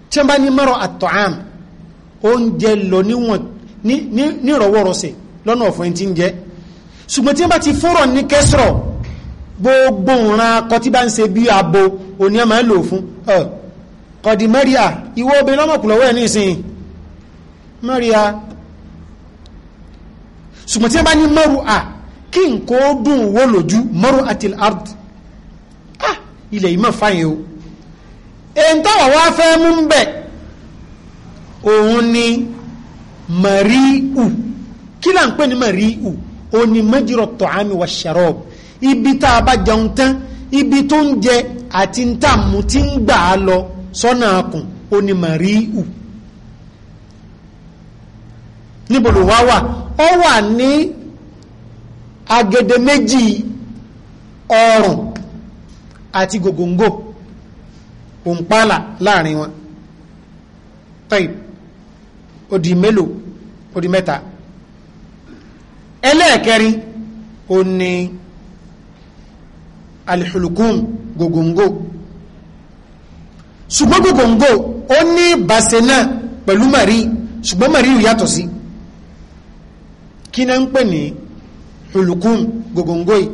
tí wọ́n bá ní márọ̀ àtọ̀ám oúnjẹ lọ níwọ̀n nírọ̀wọ́rọ̀sẹ̀ lọ́nà ọ̀fọ̀ ẹni tí ń jẹ́ ṣùgbọ́n tí wọ́n bá ti fúnrọ̀ ní kẹ́sìrọ̀ gbogbo ìran akọ bá ń ṣe bí abo òní ẹ̀ máa ń lò fún ẹ̀ kọ̀dì Maria, ìwọ obìnrin lọ́mọ̀kùnlọ́wọ́ ẹ̀ ní ìsìn mẹ́ríà ṣùgbọ́n tí a bá ní mọ́rù à kí n kó dùn wó lójú mọ́rù àtìl ard ah ilẹ̀ ìmọ̀ fáyẹ̀ o èyí táwà wá fẹ́ mú ń bẹ̀ òun ni mẹ́ríù kí là ń pè ní mẹ́ríù òun ni mẹ́jìrọ̀ tọ̀ àmì wà ṣẹ̀rọ̀b ibi tá a bá jẹun tán ibi tó ń jẹ àti ń tààmù tí ń gbà á lọ sọ́nà akùn ó ní màríù níbòlò wá wà ó wà ní agede méjì ọrùn àti gògóńgò òǹpálà láàrin wọn tọ́yì ó di mélòó ó di mẹ́ta ẹlẹ́ẹ̀kẹrin ó ní alìhùlùkún gògóńgò ṣùgbọ́n gògòǹgò ó ní ìbáṣe náà pẹ̀lú mari ṣùgbọ́n mari yàtọ̀ sí kí náà ń pè ní olùkún gògòǹgò yìí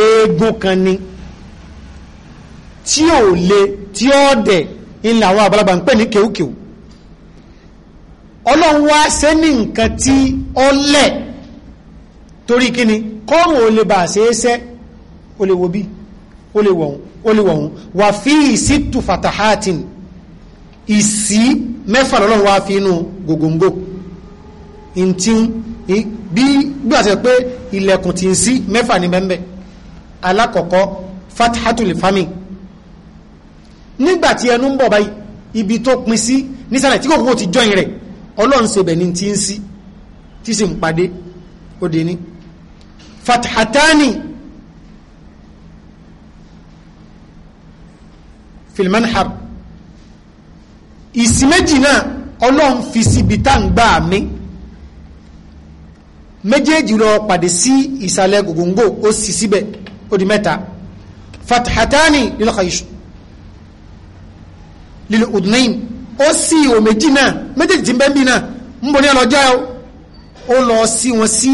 eegun kan ni tí ò le tí ó dẹ̀ ilẹ̀ àwọn àgbàlagbà ń pè ní kéwkéw ọlọ́run wá ní nǹkan tí ó lẹ̀ torí kíni kọ́rùn ò lè bà ṣeéṣẹ́ ó lè wo bíi ó lè wọ̀hún wà fi ìsìtù fatahatin ìsí mẹ́fà lọ́lọ́run wá fi inú gògóńgò ntí bí gbàtẹ̀ pé ilẹ̀kùn ti ń sí mẹ́fà ní bẹ́ẹ̀ alákọ̀ọ́kọ́ fatahatul fami nígbàtí ẹnu ń bọ̀ báyìí ibi tó pin sí nísàlẹ̀ tí kòkòrò ti jọyìn rẹ̀ ọlọ́run ṣe bẹ̀ ti ń sí tí sì ń padé ó dé ní fatahatani filimanhar ìsí méjì náà ọlọ́run fi síbi tá ń gbà mí méjèèjì lọ pàdé sí ìsàlẹ̀ gògóńgò ó sì síbẹ̀ ó di mẹ́ta fathatani lilkhaysh lílo udnain ó sì ìwò méjì náà méjèèjì tí ń bẹ́ẹ̀ bí náà ń bọ̀ ní ọlọ́jọ́ ó lọ sí wọn sí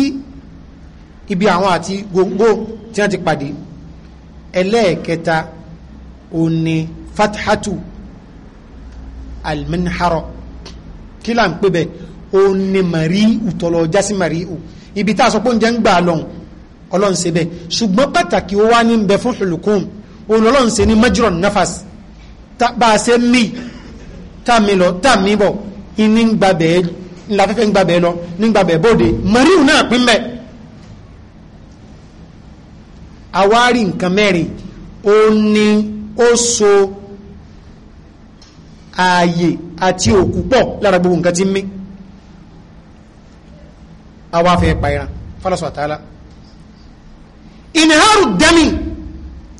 ibi àwọn àti gògóńgò tí wọ́n ti pàdé ẹlẹ́ẹ̀kẹta ó ní fathatu alminharo kí là ń pè bẹ́ẹ̀ ó ní màríù tọ́lọ jásí màríù ibi tá a sọ pé oúnjẹ ń gbà lọ́hùn ọlọ́run ṣe bẹ́ẹ̀ ṣùgbọ́n pàtàkì ó wá ní ń bẹ fún hulukun òun ọlọ́run ṣe nafas bá a ṣe mí tá mi lọ tá mi bọ̀ ní ń gba bẹ́ẹ̀ ńlá fẹ́fẹ́ ń gba bẹ́ẹ̀ lọ ní ń gba bẹ́ẹ̀ bóde màríù náà pín bẹ́ẹ̀ àwárí nǹkan mẹ́rin ó ní ó so ààyè àti òkú pọ̀ lára gbogbo nǹkan tí ń mí àwa fẹ́ pa ẹran fọlọ́sọ̀ àtàlá ìnìhàrù dami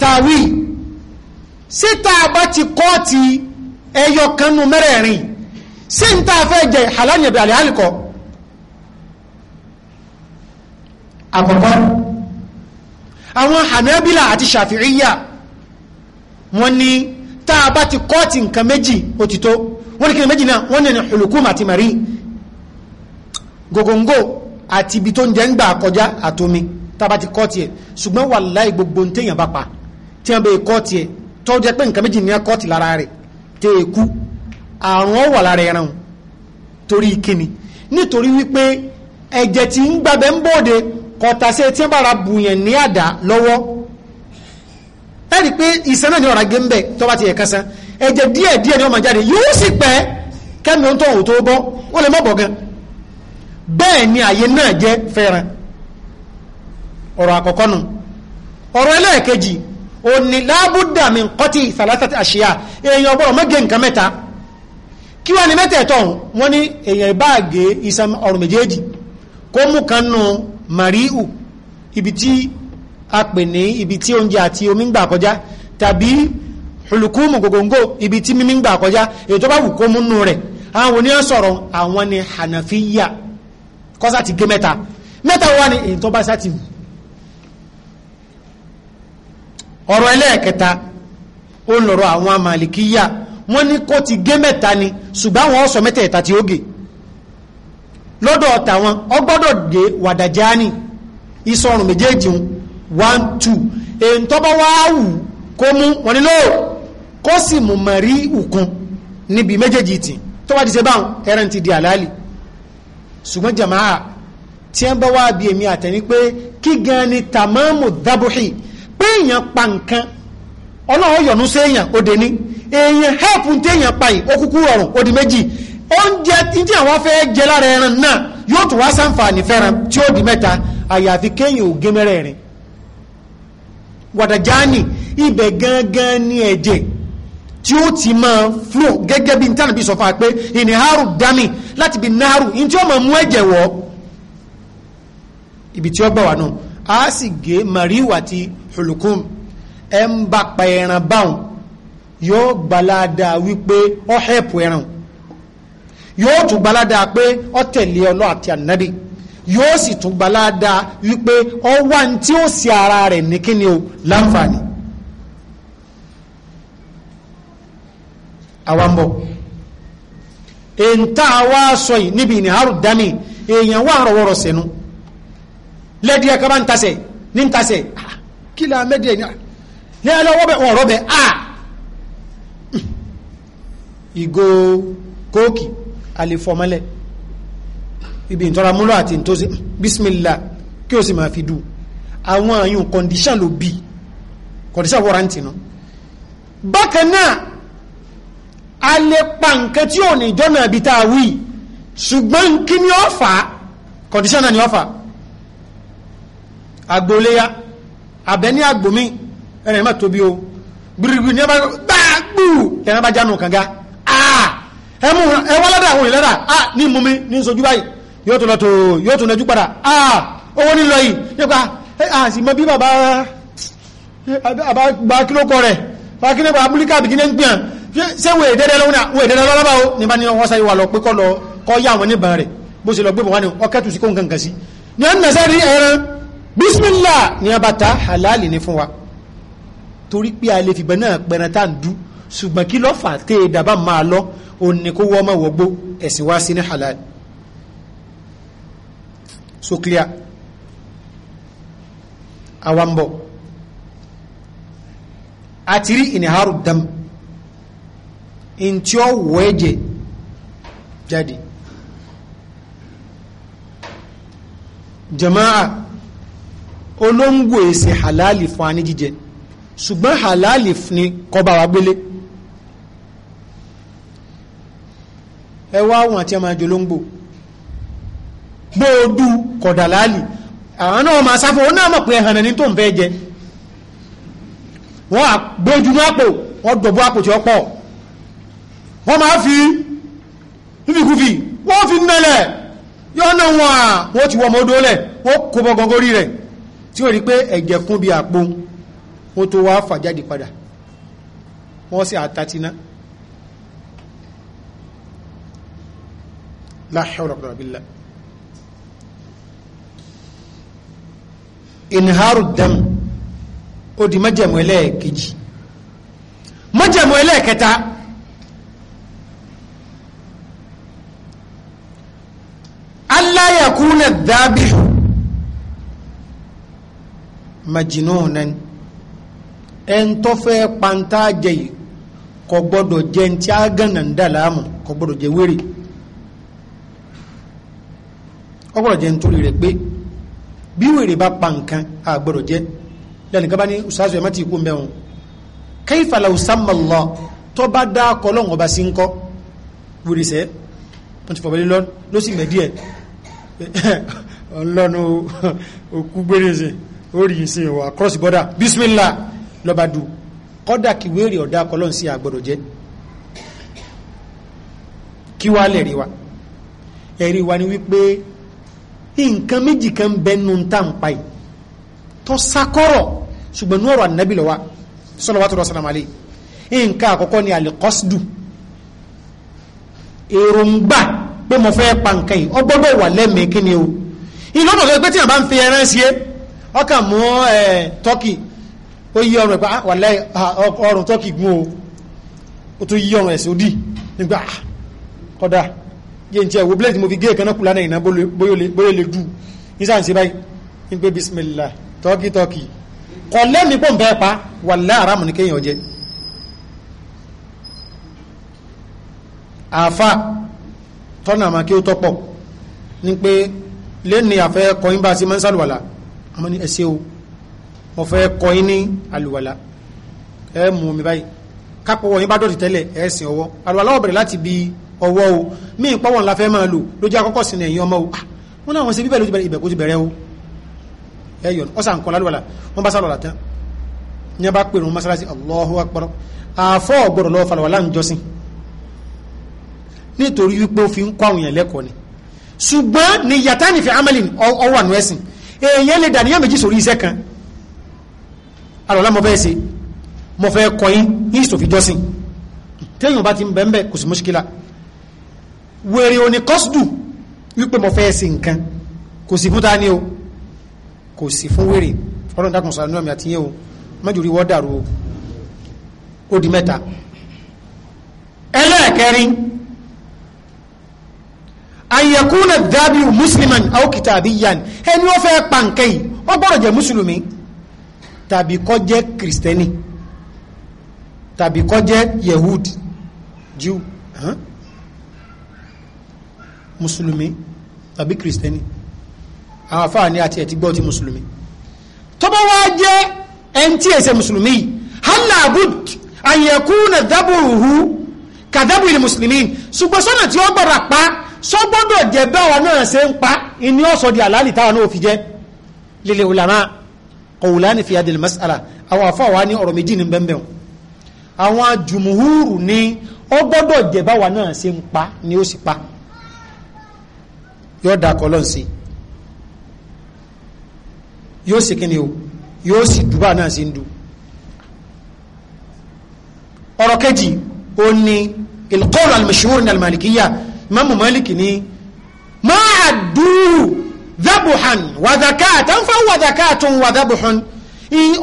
tàwí síta bá ti kọ́ ti ẹyọ kanú mẹ́rẹ̀ẹ̀rin sí ń tá fẹ́ jẹ àlànyẹ̀bẹ̀ àlẹ́ àkọ́kọ́ àwọn Hanabila àti Shafi'iyya wọ́n ní tá a bá ti kọ́ọ̀tì nǹkan méjì ó ti tó wọ́n ní kí ni méjì náà wọ́n ní ní hulukuma àti mari gògóńgò àti ibi tó ń jẹ́ ń gbà kọjá àtomi tá a bá ti kọ́ọ̀tì ẹ̀ ṣùgbọ́n wàláhì gbogbo ń téèyàn bá pa tí wọ́n bẹ kọ́ọ̀tì ẹ̀ tó jẹ́ pé nǹkan méjì ní kọ́ọ̀tì lára rẹ̀ tẹ́ ẹ kú àrùn wà lára ẹran torí kíni nítorí wípé ẹ̀jẹ̀ tí ń gbàbẹ́ ń bòde kọ̀tàṣe tí wọ́n bá ra bùyàn ní àdá lọ́wọ́ ẹ̀rí pé ìsẹ́ ni ọ̀rá gé ń bẹ̀ tó bá ti ẹ̀ka san ẹ̀jẹ̀ díẹ̀ díẹ̀ ni ó máa jáde yóò sì pẹ́ kẹ́mi ohun tó ń tó bọ́ ó lè má bọ̀ gan bẹ́ẹ̀ ni àyè náà jẹ́ fẹ́ràn ọ̀rọ̀ àkọ́kọ́ nù ọ̀rọ̀ ẹlẹ́ẹ̀kejì òní lábúdà mi kọ́tì sàlásàtì àṣìyà èèyàn ọgbọ́rọ̀ mẹ́gẹ̀ nǹkan mẹ́ta kí wá ní mẹ́tẹ̀ẹ̀tọ̀ wọ́n ní èèyàn ìbáàgé iṣan ọ̀rùn méjèèjì kó mú kan nù màríù ibi tí a pè ní ibi tí oúnjẹ àti omi ń gbà kọjá tàbí hulukumu gògóńgò ibi tí mímí ń gbà kọjá wù kó múnú àwọn oníyàn àwọn ni hànàfíyà ti gé mẹ́ta mẹ́ta wà ní èyí tó bá sá ti wù ọ̀rọ̀ ẹlẹ́ẹ̀kẹta ó ń lọ̀rọ̀ àwọn amàlìkíyà wọ́n ní kó ti gé ni ṣùgbọ́n àwọn ọ̀sọ̀ one two èyí tó bá wá wù kó mú wọn ni lóò kó sì mú mọ̀rí ùkun níbi méjèèjì tì tó bá ti ṣe ẹran ti di àlálì ṣùgbọ́n jamaa tí ẹ bá wá bí èmi àtẹ̀ní pé kí gan ni tàmámù dábùhì pé èèyàn pa nǹkan ọlọ́run yọ̀nú sí èèyàn ó dé ní èèyàn hẹ́ẹ̀pù tí èèyàn pa yìí ó kúkú rọrùn ó di méjì oúnjẹ tí àwọn fẹ́ jẹ lára ẹran náà yóò tún wá sáǹfààní fẹ́ràn tí ó di mẹ́ta àyàfi kéèyàn ò gé mẹ́rẹ̀ẹ̀rin wàdàjáni ibẹ̀ gangan ni ẹ̀jẹ̀ tí ó ti máa flow gẹ́gẹ́ bí nítànà bí sọfà pé ìní haru dami láti bí naru in tí ó máa mú ẹ̀jẹ̀ wọ́ ibi tí ó gbà wà náà a sì gé mariu àti hulukum ẹ ń bá pa ẹran báwọn yóò gbalada wípé ọ hẹ́pù ẹran yóò tún gbalada pé ọ tẹ̀lé ọlọ́ àti ànábì yóò sì tún gbalada wípé ọwá ní tí ó sì ara rẹ̀ ní kíni o láǹfààní. àwa ń bọ̀ èntà wa sọ yìí níbi ìnìhàrù dání èèyàn wà rọwọ́rọ̀ sẹ́nu lẹ́dí ẹ̀ka bá ń tasẹ̀ ní ń tasẹ̀ kí la mẹ́dí ẹ̀yà lẹ́yìn lọ́wọ́ bẹ̀ wọ̀n rọ́bẹ̀ a ìgò kóòkì àlefọ́mọ́lẹ̀. Ah ibi ìtọ́ra múlò àti ìtọ́sí bismillah kí o sì máa fi dù àwọn àyùn kọ̀ndíṣàn ló bí kọ̀ndíṣàn wọ́rántì náà bákan náà a lè pa nǹkan tí ò ní ìjọ́nà àbí tá wí ṣùgbọ́n kí ni ó fà á kọ̀ndíṣàn náà ni ó fà á agboléyá abẹ ní agbomi ẹnìyàn má tóbi o gbirigbiri ní ẹ bá gbàgbù lẹ́yìn bá jánu kànga ẹ àwọn ìlẹ́dà ní mú ní sojú báyìí yóò tún lọ tó yóò tún lẹ́jú padà ah owó nílọ yìí nípa ah sì mọ bí bàbá àbá kílókọ rẹ̀ bàbá kílókọ abúlíkà bìkí ní gbìyàn ṣé wèé dẹ́dẹ́ lọ́wọ́ náà wèé dẹ́dẹ́ lọ́wọ́ bá o ní bá ní wọ́n sáré wà lọ pé kọ́ lọ kọ́ yá àwọn níbàn rẹ̀ bó ṣe lọ gbé abata halali ni fún wa torí pé a lè fìgbà náà pẹran tá à ń dú ṣùgbọ́n kí lọ́fà tẹ́ ẹ máa lọ òun kó wọ́ ọmọ wọ́gbó ẹ̀sìn sí ní halali so clear atiri àtìrí ìnìhàrù dam ntí ó wọ jama'a olóńgbò èsì halali fún ani ṣùgbọ́n halali ni kọba wa gbélé ẹ wá àwọn àti ọmọ àjò olóńgbò gbóòdú kọ̀dàlálì àwọn náà ma sáfẹ́ ó náà mọ̀ pé ẹ̀hànà ní tó ń jẹ wọ́n àgbójú ní àpò wọ́n dọ̀bọ́ àpò tí ó wọ́n ma fi fífikúfì wọ́n fi mẹ́lẹ̀ náà wọ́n wọ́n ti wọ́n mọ́dó lẹ̀ pé ẹ̀jẹ̀ kún bí àpò ó tó wá wọ́n sì àtàtìná inharu dam ó di májẹ̀mú ẹlẹ́ẹ̀kejì májẹ̀mú ẹlẹ́ẹ̀kẹta aláyàkúnà dábìlù majinunan ẹntọ́ fẹ́ pantá jẹ yìí kò gbọ́dọ̀ jẹ ntí agànnà ń dà láàmú kò gbọ́dọ̀ jẹ wéré ó gbọ́dọ̀ jẹ ntorí rẹ̀ pé bí wèrè bá pa nǹkan àgbọ̀dọ̀ jẹ́ lẹ́nìkan bá ní ṣáṣù ẹ̀ má ti kú mẹ́wọ̀n kayfa law samma Allah tó bá dá akọ ọba sí ń kọ́ wèrè ló sì mẹ́díẹ̀ ọlọ́nu òkú gbére ṣe ó ìwà cross border bismillah lọ́ba dù kọ́dà kí wèrè ọ̀dá akọ lọ́n sí àgbọ̀dọ̀ jẹ́ kí wàá lẹ̀rí wa ẹ̀rí wa ni wípé nǹkan méjì kan bẹnu ta ń pa yìí tó sakọ́rọ̀ ṣùgbọ́n ní ọ̀rọ̀ ànábì lọ́wọ́ sallallahu alaihi wasallam nǹkan àkọ́kọ́ ni alikọ́sidù èròǹgbà pé mo fẹ́ pa nǹkan yìí ọgbọ́dọ̀ wà lẹ́mìí kí ni o ìlú ọ̀nà pé tí a bá ń fi ẹran sí é ọkàn mú tọ́kì ó yí ọrùn ẹ̀pá wà lẹ́ ọrùn tọ́kì gún o ó tún yí ọrùn ẹ̀sìn ó dì nígbà ah, kọ́dà jẹ́ n tiẹ̀ wo blade mo fi gé ìkànnà kùlánà ìná bóyá lè dù nísà ń ṣe báyìí ń pé bismillah tọ́kì tọ́kì kọ̀ lẹ́mi pọ̀ ń bẹ́ẹ̀ pa wallahi haramu ní kéèyàn jẹ́ àfa tọ́nà àmà kí ó tọ́pọ̀ ní pé lẹ́ni àfẹ́ kọyín bá sí mọ́ sálùwàlà àmọ́ ní ẹsẹ́ o mo fẹ́ kọyín ní àlùwàlà ẹ mú mi báyìí kápọ̀ wọ̀nyí bá dọ̀tí tẹ́lẹ̀ ẹ sìn ọwọ́ àlùwàlà ó láti bíi ọwọ́ o mí ìpọ́wọ̀n la fẹ́ máa lò lójú akọ́kọ́ sí ẹ̀yìn ọmọ o ah, wọ́n náà wọ́n ṣe bíbẹ̀ lójú ibẹ̀ kó ti bẹ̀rẹ̀ o ẹ̀yọ̀ ọ̀sà nǹkan lálùwàlà wọ́n bá sálọ̀ látán ní bá pè mọ́sálásí Allahu Akbar àfọ́ ọ̀gbọ̀rọ̀ lọ́wọ́ falọ̀ wàlá ń jọ́sìn nítorí wípé ó fi ni ṣùgbọ́n ni yàtá nífẹ̀ẹ́ amalin ọwọ́ ànú ẹ̀sìn èèyàn lè dàníyàn méjì sórí iṣẹ́ kan alọ́lá mo fẹ́ ṣe mo fẹ́ ní ìsòfin jọ́sìn téèyàn bá ti ń bẹ́ẹ̀ kò sí mọ́ṣíkílà wèrè òní kọ́sùdù wípé mo fẹ́ sí nǹkan kò sí fún tání o kò sí fún wèrè ọlọ́run dákùn sọ̀rọ̀ náà mi àti yẹn o mọ́júrí wọ́n dàrú ó di mẹ́ta ẹlẹ́ẹ̀kẹrin àyẹ̀kúnà dábì musliman aókìtà àbí yan ẹni wọ́n fẹ́ pa nǹkan yìí ó gbọ́dọ̀ jẹ́ mùsùlùmí tàbí kó jẹ́ kìrìsìtẹ́nì tàbí kó jẹ́ yehud jew mùsùlùmí tàbí kìrìsìtẹ́nì àwọn afáà ní àti ẹ̀tí gbọ́ ti mùsùlùmí tó bá wá jẹ́ ẹn tí ẹ̀sẹ̀ mùsùlùmí hannabud ayẹkúnà dábòrúhu kàdábù ilẹ̀ mùsùlùmí ṣùgbọ́n sọ́nà tí wọ́n gbọ́dọ̀ pa sọ gbọ́dọ̀ jẹ́ báwa náà ṣe ń pa ìní ọ̀sọ̀ di àlálì táwa náà fi jẹ́ lílẹ̀ ulama qawlani fi adìl mas'ala àwọn afáà wa ní ọ̀rọ̀ méjì ní bẹ́ẹ̀ àwọn jùmùhúrù ní ó gbọ́dọ̀ jẹ́ báwa náà ṣe ń pa ni ó sì pa yóò da kọ lọ́n sí yóò sì kíni o yóò sì dùbà náà sí ń du ọ̀rọ̀ kejì ó ní ilqawl al-mashhur ní al-malikiyya imamu maliki ní máa àdúrù dhabuhan wa zakatan fa huwa zakatun wa dhabuhan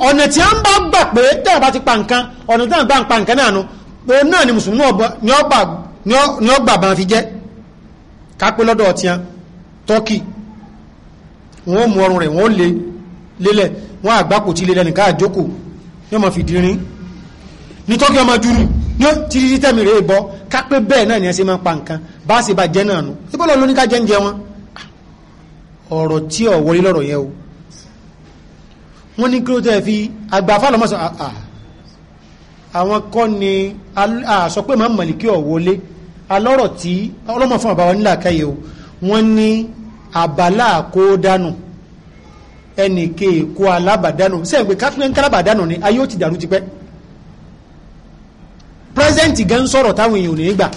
ọ̀nà tí a ń bá gbà pé tẹ́ẹ̀ bá ti pa nǹkan ọ̀nà tí a ń bá ń pa nǹkan náà nu náà ni mùsùlùmí ni ọgbà bá fi jẹ́ kápẹ́ lọ́dọ̀ ọ̀tíyàn turkey wọ́n mú ọrùn rẹ̀ wọ́n lè lélẹ̀ wọ́n àgbákò tí lélẹ̀ nìká àjókò yóò ma fi dìrín ní turkey ọmọ júrù ní tí títí tẹ́mì rẹ̀ bọ́ kápẹ́ bẹ́ẹ̀ náà ni ẹ ṣe máa pa nǹkan bá sì bá jẹ́ náà nù ìbọ́lọ̀ lóníká jẹ́ ń jẹ wọn ọ̀rọ̀ tí ọ̀ wọlé lọ́rọ̀ yẹn o wọ́n ní kíró tẹ́ fi àgbàfà lọ́mọ́sọ ah, ah. àwọn kọ́ ni àsọ pé máa mọ̀lì kí ọ̀ wọlé alọ́rọ̀ tí ọlọ́mọ fún àbáwọn nílà káyẹ o wọ́n ní àbálà kó dánù ẹnìke kó alábàdánù sẹ́yìn pé kálábàdánù ni ayé ó ti dàrú tipẹ́ pírẹsidẹ́ǹtì gan sọ̀rọ̀ táwọn èèyàn ò ní gbà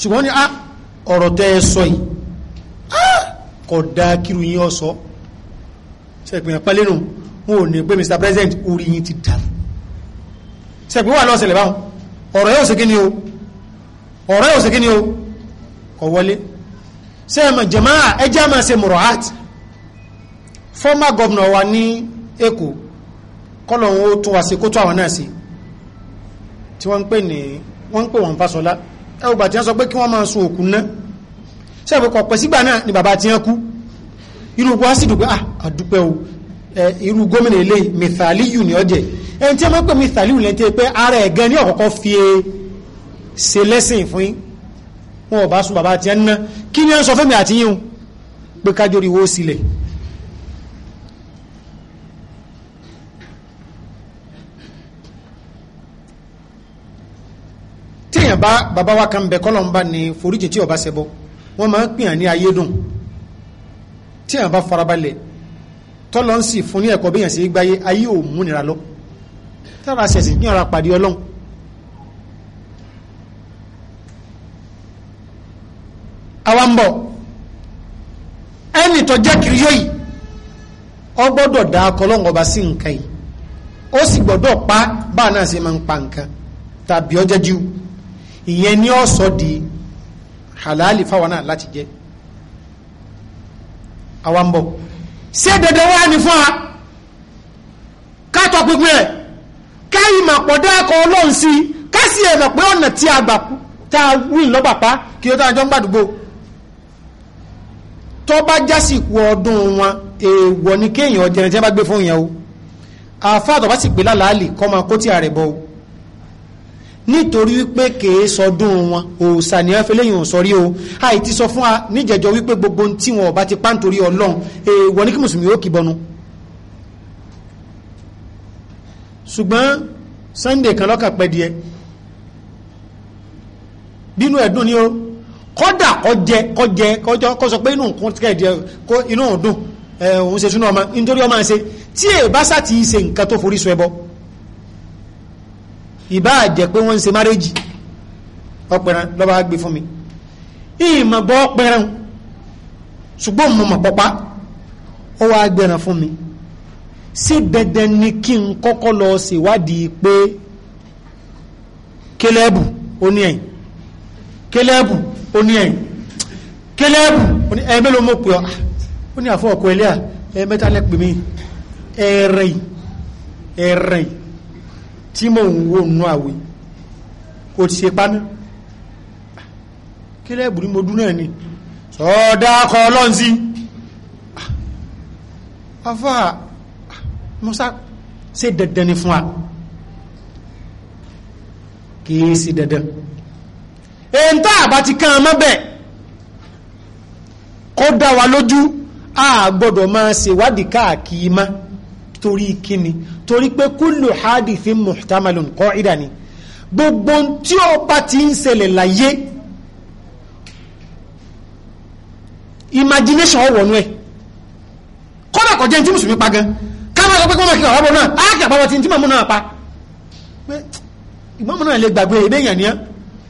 ṣùgbọ́n ní a ah, ọ̀rọ̀ tẹ́ ẹ sọ yìí ah, kò dáa kírun yín ọ sọ sẹ́pẹ̀ yẹn pálẹ́nu wọn ò ní pé Mr President orí yín ti dàrú sẹ́pẹ̀ wà lọ́sẹ̀lẹ̀ báwọn ọ̀rọ̀ yóò ṣe kí ni o ọ̀rọ̀ yóò ṣe kí ni o kọ̀ wọlé sẹ́ẹ̀mọ̀ jẹ̀máà ẹjẹ́ máa ṣe mùrọ̀hát fọ́mà gọ́vnà wa ní Èkó kọ́lọ̀ wọn ó tún wá sí kó tó àwọn náà sí tí wọ́n ń pè ní wọ́n ń pè wọ́n Fáṣọlá ẹwọ́ tí wọ́n sọ pé kí wọ́n máa sun òkú náà sẹ́ẹ̀bù kọ̀ pẹ̀ sígbà náà ni bàbá ti ń kú irú wa sì dùgbẹ́ àdúpẹ́ o irú gómìnà ilé mìtàlíyù ní ọjẹ́ ẹni tí wọ́n pè mìtàlíyù lẹ́ntẹ́ pé ara ẹ̀gẹ́ ní ọ̀kọ̀ọ̀kọ́ fi ṣe lẹ́sìn fún yín wọn ò bá sun bàbá àti ẹ̀ ńná kí ni ẹ sọ fẹ́mi àti yín pé kájọ rí wo sílẹ̀ tíyàn bá bàbá wa kan bẹ kọ́lọ̀ ń bá ní foríjì tí ọba ṣẹbọ wọn máa ń pìyàn ní ayédùn tíyàn bá farabalẹ̀ tọ́lọ́ ń sì fún ní ẹ̀kọ́ bí sí gbáyé ayé ò múnira lọ tára ṣẹ̀sìn kí yàn ra ọlọ́run àwa ń bọ̀ ẹnì tó jẹ́ kiri yóò yìí ọ gbọ́dọ̀ dá akọlọ́ngọ̀ bá sí nǹkan yìí ó sì gbọ́dọ̀ pa bá náà ṣe máa ń pa nǹkan tàbí ọjọ́ jíu ìyẹn ni ó sọ di halali fáwọn náà láti jẹ àwa ń bọ̀ ṣé dandan wá ní fún wa ká tọ pinpin ẹ̀ ká ìmọ̀ pọ̀ dá akọ ọlọ́run sí i ká sì ẹ̀mọ̀ pé ọ̀nà tí a gbà tá a wí lọ́gbà pa kí ó dáa jọ ń gbàdúgbò tó bá jásìkò ọdún wọn èèwọ̀ ní kéèyàn ọjẹrin tí wọ́n bá gbé fún yẹn o àfáà tó bá sì pé lálàálì kọ́ máa kó tí a rẹ̀ bọ́ o nítorí wípé kèé sọdún wọn òòsà ní wọ́n fi lẹ́yìn òsọrí o àìtí sọ fún wa níjẹjọ wípé gbogbo tí wọn ọba ti pa nítorí Ọlọ́run èèwọ̀ ní kí mùsùlùmí ó kì bọnu ṣùgbọ́n Sunday kan lọ́kàn pẹ́ díẹ̀ bínú ẹ̀dùn ni ó kọ́dà kọjẹ kọjẹ kọjọ pé inú nǹkan tí kẹ́ẹ̀dẹ̀ kó inú ọ̀dún òun ṣe ọmọ nítorí ọmọ ṣe tí ti ṣe nǹkan tó forí sọ ẹbọ ìbá pé wọ́n ń ṣe márẹ́jì ọpẹran lọ́ba gbé fún mi ìmọ̀ gbọ́ ọpẹran ṣùgbọ́n mo mọ̀ pọ́pá ó wá gbẹ̀ràn fún mi ṣé ni kí n kọ́kọ́ lọ ṣèwádìí pé ó kélẹ́bù ó ní ẹ̀yìn kélẹ́bù ó ní ẹ̀mẹ́ ló mọ̀ pé ọ́ ah, ó ní àfọ́ ọkọ̀ ẹlẹ́à ẹ̀mẹ́ta lẹ́pẹ̀ mi ẹ̀rẹ̀ ẹ̀rẹ̀ tí mò ń wo nù àwẹ̀ kò ti ṣe paná kélẹ́bù ni mo dún náà ni sọ̀ọ́dá akọ ọlọ́run sí ah, afọ́ musa ṣe dandan ni fún wa kì í ṣe dandan ẹ̀ntà àbá ti kàn án mọ́bẹ̀ kó dá wa lójú a gbọ́dọ̀ máa ṣèwádìí káàkiri má torí kíni torí pé kúlù hadithin muhtamalun qaida ni gbogbo tí ó bá ti ń ṣẹlẹ̀ láyé imagination ọwọ́nú ẹ̀ kọ́nà kọjẹ́ tí mùsùlùmí pa gan káwọn ọ̀pẹ́ kọ́nà kí ọ̀rọ̀ náà á kí àpapọ̀ tí mọ̀mú náà pa ìmọ̀mú náà lè gbàgbé ebéyàn ni á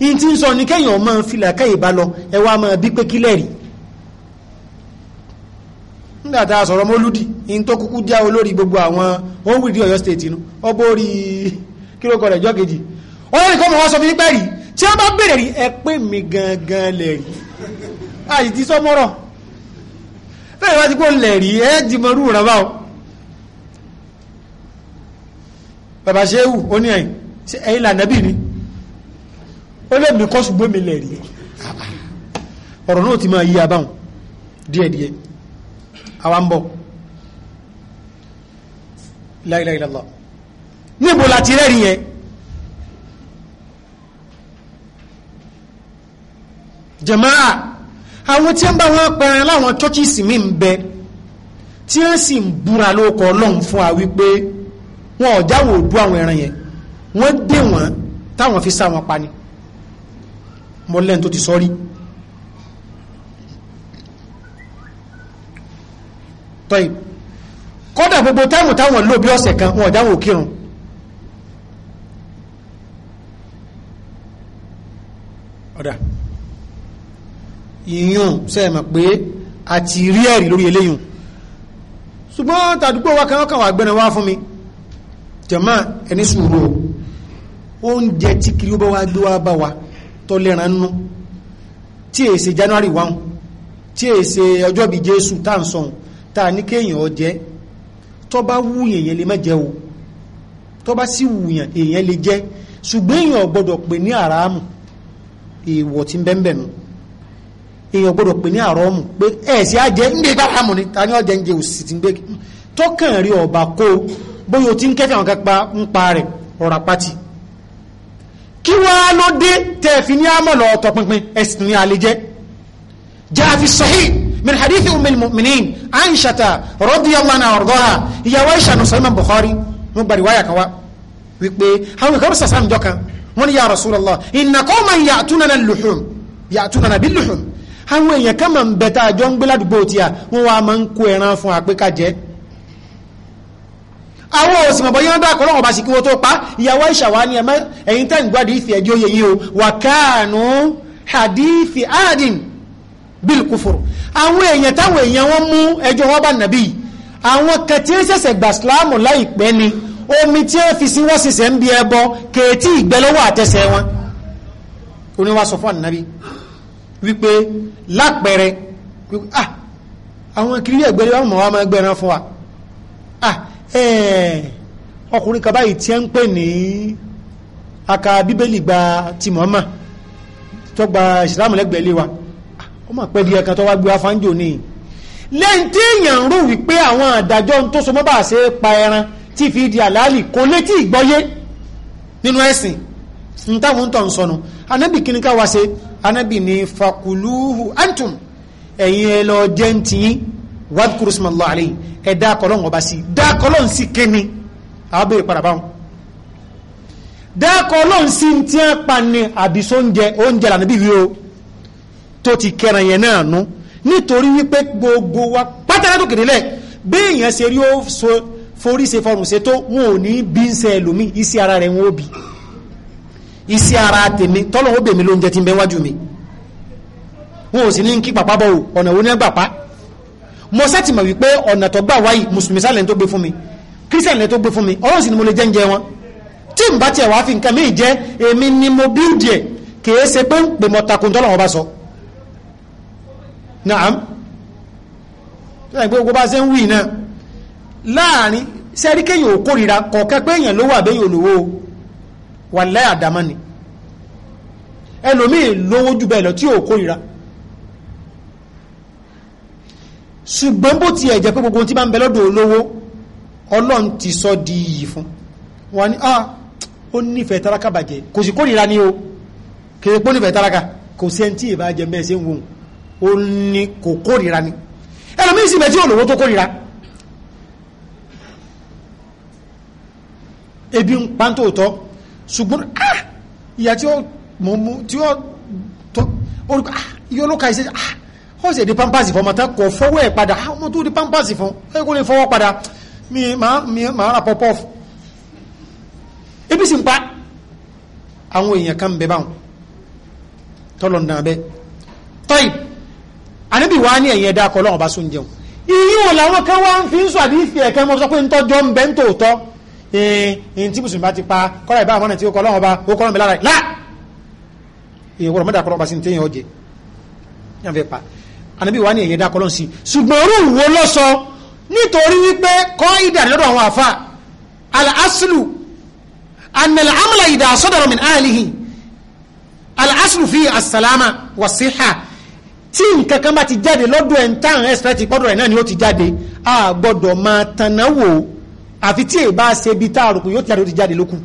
in ti ń sọ ní kẹ́yìn ọmọ filaka ìbá lọ ẹwà wá bí pé kílẹ̀ rí nígbà sọ̀rọ̀ mọ́lúdì tó kúkú gbogbo àwọn òwúrì Ọ̀yọ́ state inú ọbọ orí rẹ̀ jọ́kejì olórí sọ fún nígbà rí tí wọ́n bá bèrè rí ẹ pé mi gangan lẹ̀ rí àyè ti sọ mọ́rọ̀ fẹ́rẹ̀ wá ti kó lẹ̀ rí ẹ bàbá ó lè mi kọ́ ṣùgbọ́n mi lẹ̀ rí ọ̀rọ̀ náà ti máa yí abáhùn díẹ̀díẹ̀ àwa ń bọ̀ la ilaha illallah níbo láti rẹ́rìn yẹn jàmáà àwọn tí ń bá wọn pẹran láwọn chọ́chìsì mi ń bẹ tí wọ́n sì ń búra lóko ọlọ́run fún wa wípé wọn ò jáwọ́ òdú àwọn ẹran yẹn wọ́n dé wọn táwọn fi sá wọn pa ni mọ́lẹ́n tó ti sọ́rí tọ́yì kọ́dà gbogbo táìmù táwọn lò bí ọ̀sẹ̀ kan wọn ọ̀dáwò kírun ọ̀dà ìyún sẹ́ẹ̀mọ̀ pé a ti rí ẹ̀rí lórí eléyìn ṣùgbọ́n tàdúgbò wa kan kàn wà gbẹ́nà wá fún mi jẹ̀mọ́ ẹni sùúrù oúnjẹ tí kiri ó bá wá gbé wá bá wa tó lẹ́ran nú tí è ṣe January 1 tí è ṣe ọjọ́ bí Jésù tá ń sọun tá ní kéèyàn ọjẹ́ tó bá wú èèyàn lè má jẹ o tó bá sì wù pè ní àràámù èèwọ̀ tí ń pè ní pé ni ta ní ọjẹ́ ń jẹ òsì ń ọba kó bóyá o ti ń kẹ́fẹ́ àwọn kápá ń pa rẹ̀ ọ̀rà pátì kí wá ló dé tẹ̀fì ní àmọ́ lọ ọ̀tọ̀ pinpin ẹ̀sìn ní àlejẹ́ jáfi sahih min hadithi umil mu'minin aishata radiyallahu anha ọ̀rọ̀gọ́ha ìyàwó aisha nù sọ́yìnmọ̀ bukhari mo gbàrí wáyà kan wá wípé àwọn ìkọ́rọ̀ sàsán jọ kan wọ́n ní ya rasulallah inna qawman ya'tunana luhum ya'tunana bil luhum àwọn èèyàn kan ń bẹ̀ta àjọ ń gbé tí a wọ́n wá máa ń kó ẹran fún àpékájẹ́ àwọn òsìmọ̀bọ̀ yẹn dá àkọ́lọ́ ọba sì kí wọ́n tó pa ìyàwó ìṣàwá ni ẹ̀mẹ́ ẹ̀yìn tẹ́ ìgbádìí ìfì ẹ̀jẹ̀ oyè yìí o wà káànù hadithi adin bil kufur àwọn èèyàn táwọn èèyàn wọn mú ẹjọ́ wọn bá nàbí àwọn kan tí ó ṣẹ̀ṣẹ̀ gbà síláàmù láìpẹ́ ni omi tí ó fi sí wọ́n ṣiṣẹ́ ń bi ẹbọ kèétí ìgbẹ́lọ́wọ́ àtẹsẹ̀ wọn oníwà sọ fún ànábì wípé lápẹẹrẹ ah àwọn kiri ẹgbẹ́rẹ́ wọn mọ̀ wá máa gbẹ́ran fún wa ah Eh, ọkùnrin kan báyìí tí ẹ ń pè ní aka bíbélì gba ti mọ́mà tó gba ìsìlámù lẹ́gbẹ̀ẹ́ lé wa ó mà pẹ́ di ẹ̀kan tó wá gbé afánjò ní lẹ́yìn tí èèyàn ń rò wípé àwọn àdájọ́ tó so mọ́ bá ṣe pa ẹran tí fi di àlàálì kò létí ìgbọ́yé nínú ẹ̀sìn n táwọn tó ń sọnù anábì kí ni ká wá ṣe anábì ní fakuluhu antum ẹ̀yin ẹ lọ jẹ́ ń tiyín wadkuru ismallah alayhi ẹ dá kọlọ́n ọba sí dá kọlọ́n sí kẹ́ni àwọn bèrè padà báwọn dá kọlọ́n sí tí wọ́n pa ni àbísọ oúnjẹ oúnjẹ lànà bíbí o tó ti kẹran yẹn náà nú nítorí wípé gbogbo wa pátánà tó kèrè lẹ béèyàn ṣe rí ó forí ṣe fọrùn ṣe tó wọn ò ní bí ń ṣe ẹlòmíì iṣẹ́ ara rẹ̀ wọn ò bí iṣẹ́ ara tèmi tọ́lọ́wọ́ bèmi lóúnjẹ ti ń bẹ wájú mi wọn ò sì ní kí pàpá bọ̀ ọ̀nà wo ní ẹ gbàpá mo sẹ́tì mọ̀ wípé ọ̀nà tó gbà wáyì mùsùlùmí sálẹ̀ tó gbé fún mi kírísítẹ̀n lẹ́ tó gbé fún mi ọlọ́run sì ni mo lè jẹ́ ń jẹ wọn tí n bá tiẹ̀ wá fi nǹkan mí jẹ́ èmi ni mo bí díẹ̀ kìí ṣe pé ń pè mọ́ takun tọ́lọ̀ wọn bá sọ. naam tó pé gbogbo bá ṣe ń wì náà láàrin sẹ́rí kéèyàn ò kórìíra kọ̀ọ̀kẹ́ pé èèyàn lówó àbẹ́yìn olówó wà láyà àdámọ́ ẹlòmíì lówó jù bẹ́ẹ̀ lọ tí ò kórìíra ṣùgbọ́n bó ti ẹ̀jẹ̀ pé gbogbo ohun tí bá ń bẹ lọ́dọ̀ olówó ọlọ́run ti sọ di iyì fún wọn ni ah ó nífẹ̀ẹ́ tálákà bàjẹ́ kò sí kórìíra ni o kèrè pé ó nífẹ̀ẹ́ tálákà kò sí ẹni tí ìbá jẹ bẹ́ẹ̀ ṣe ń wòun ó ní kò kórìíra ni ẹlòmíín sì bẹ tí olówó tó kórìíra ebi ń pa tòótọ́ ṣùgbọ́n ah ìyá tí ó mọ̀ mú tí ó tọ́ orúkọ ah ìyá olóka ìṣe ah ó sì di pampasì fún ọmọ tán kò fọwọ́ ẹ̀ padà ah, ọmọ tó di pampasì fún ẹ kó lè fọwọ́ padà mi máa ra pọpọ ebi sì ń pa àwọn èèyàn kan bẹ báwọn tọ́lọ̀ ń dàn bẹ́ tọ́yì ànábì wa ní ẹ̀yìn ẹ̀dá akọlọ́wọ̀n bá sún jẹun iye wọn làwọn kan wá ń fi ń sọ àbí ìfì ẹ̀kẹ́ mọ́ sọ pé ń tọ́jọ́ ń bẹ́ ń tòótọ́ ẹ̀yìn tí mùsùlùmí bá ti pa kọ́lá ìbá àwọn ọ̀nà tí ó kọlọ́wọ̀n bá ó lára ẹ̀ lá ìwọ̀rọ̀ mẹ́ta kọlọ́wọ̀n bá sí ní téèyàn ọ̀jẹ̀ yàn fẹ́ pa anabi wa ni èyẹ dá kọlọ́n sí ṣùgbọ́n orú wo lọ sọ nítorí wípé kọ́ ìdá lọ́dọ̀ àwọn àfa al-aslu anil amala ìdá sọ́dọ̀rọ̀ min alihi ala aslu fi asalama wa siha tí nǹkan kan bá ti jáde lọ́dọ̀ ẹ̀ ń tàn expect pọ́dọ̀ ẹ̀ náà ni ó ti jáde a gbọ́dọ̀ máa tanná wò àfi tí èyí bá ṣe bí tá a rò pé yóò ti jáde ó ti jáde lókun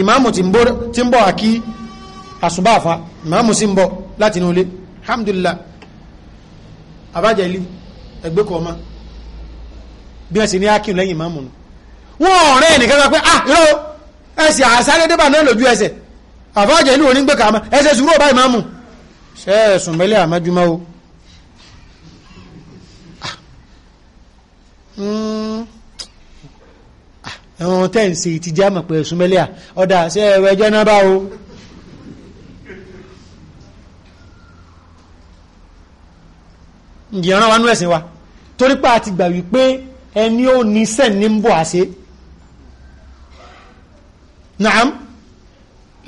ìmáàmù ti ń bọ̀ àkí àsùbáàfà ìmáàmù sì ń bọ̀ láti inú ilé abájẹlí ẹgbẹ́ kọ ọmọ bí wọ́n sì ní ákìn lẹ́yìn máa mú wọ́n ọ̀rẹ́ ẹnìkan kan pé ah irọ́ ẹsẹ̀ àṣálẹ́ débà náà lójú ẹsẹ̀ àbájẹlí onígbè kàmá ẹsẹ̀ sùúrù ọba ìmáàmù ṣe ẹ̀sùn mẹ́lẹ́ àmájúmọ́ o ah. Hmm. Ah. ẹ̀wọ̀n tẹ́ ń ṣe ìtìjà mọ̀ pé ẹ̀sùn mẹ́lẹ́ ọ̀dà ṣe ẹ̀rọ ẹjọ́ náà bá o. ìyẹ̀ràn wa nú ẹ̀sìn wa torí pé a gbà wípé ẹni ó ní sẹ́ẹ̀ ní ń bọ̀ àṣẹ naam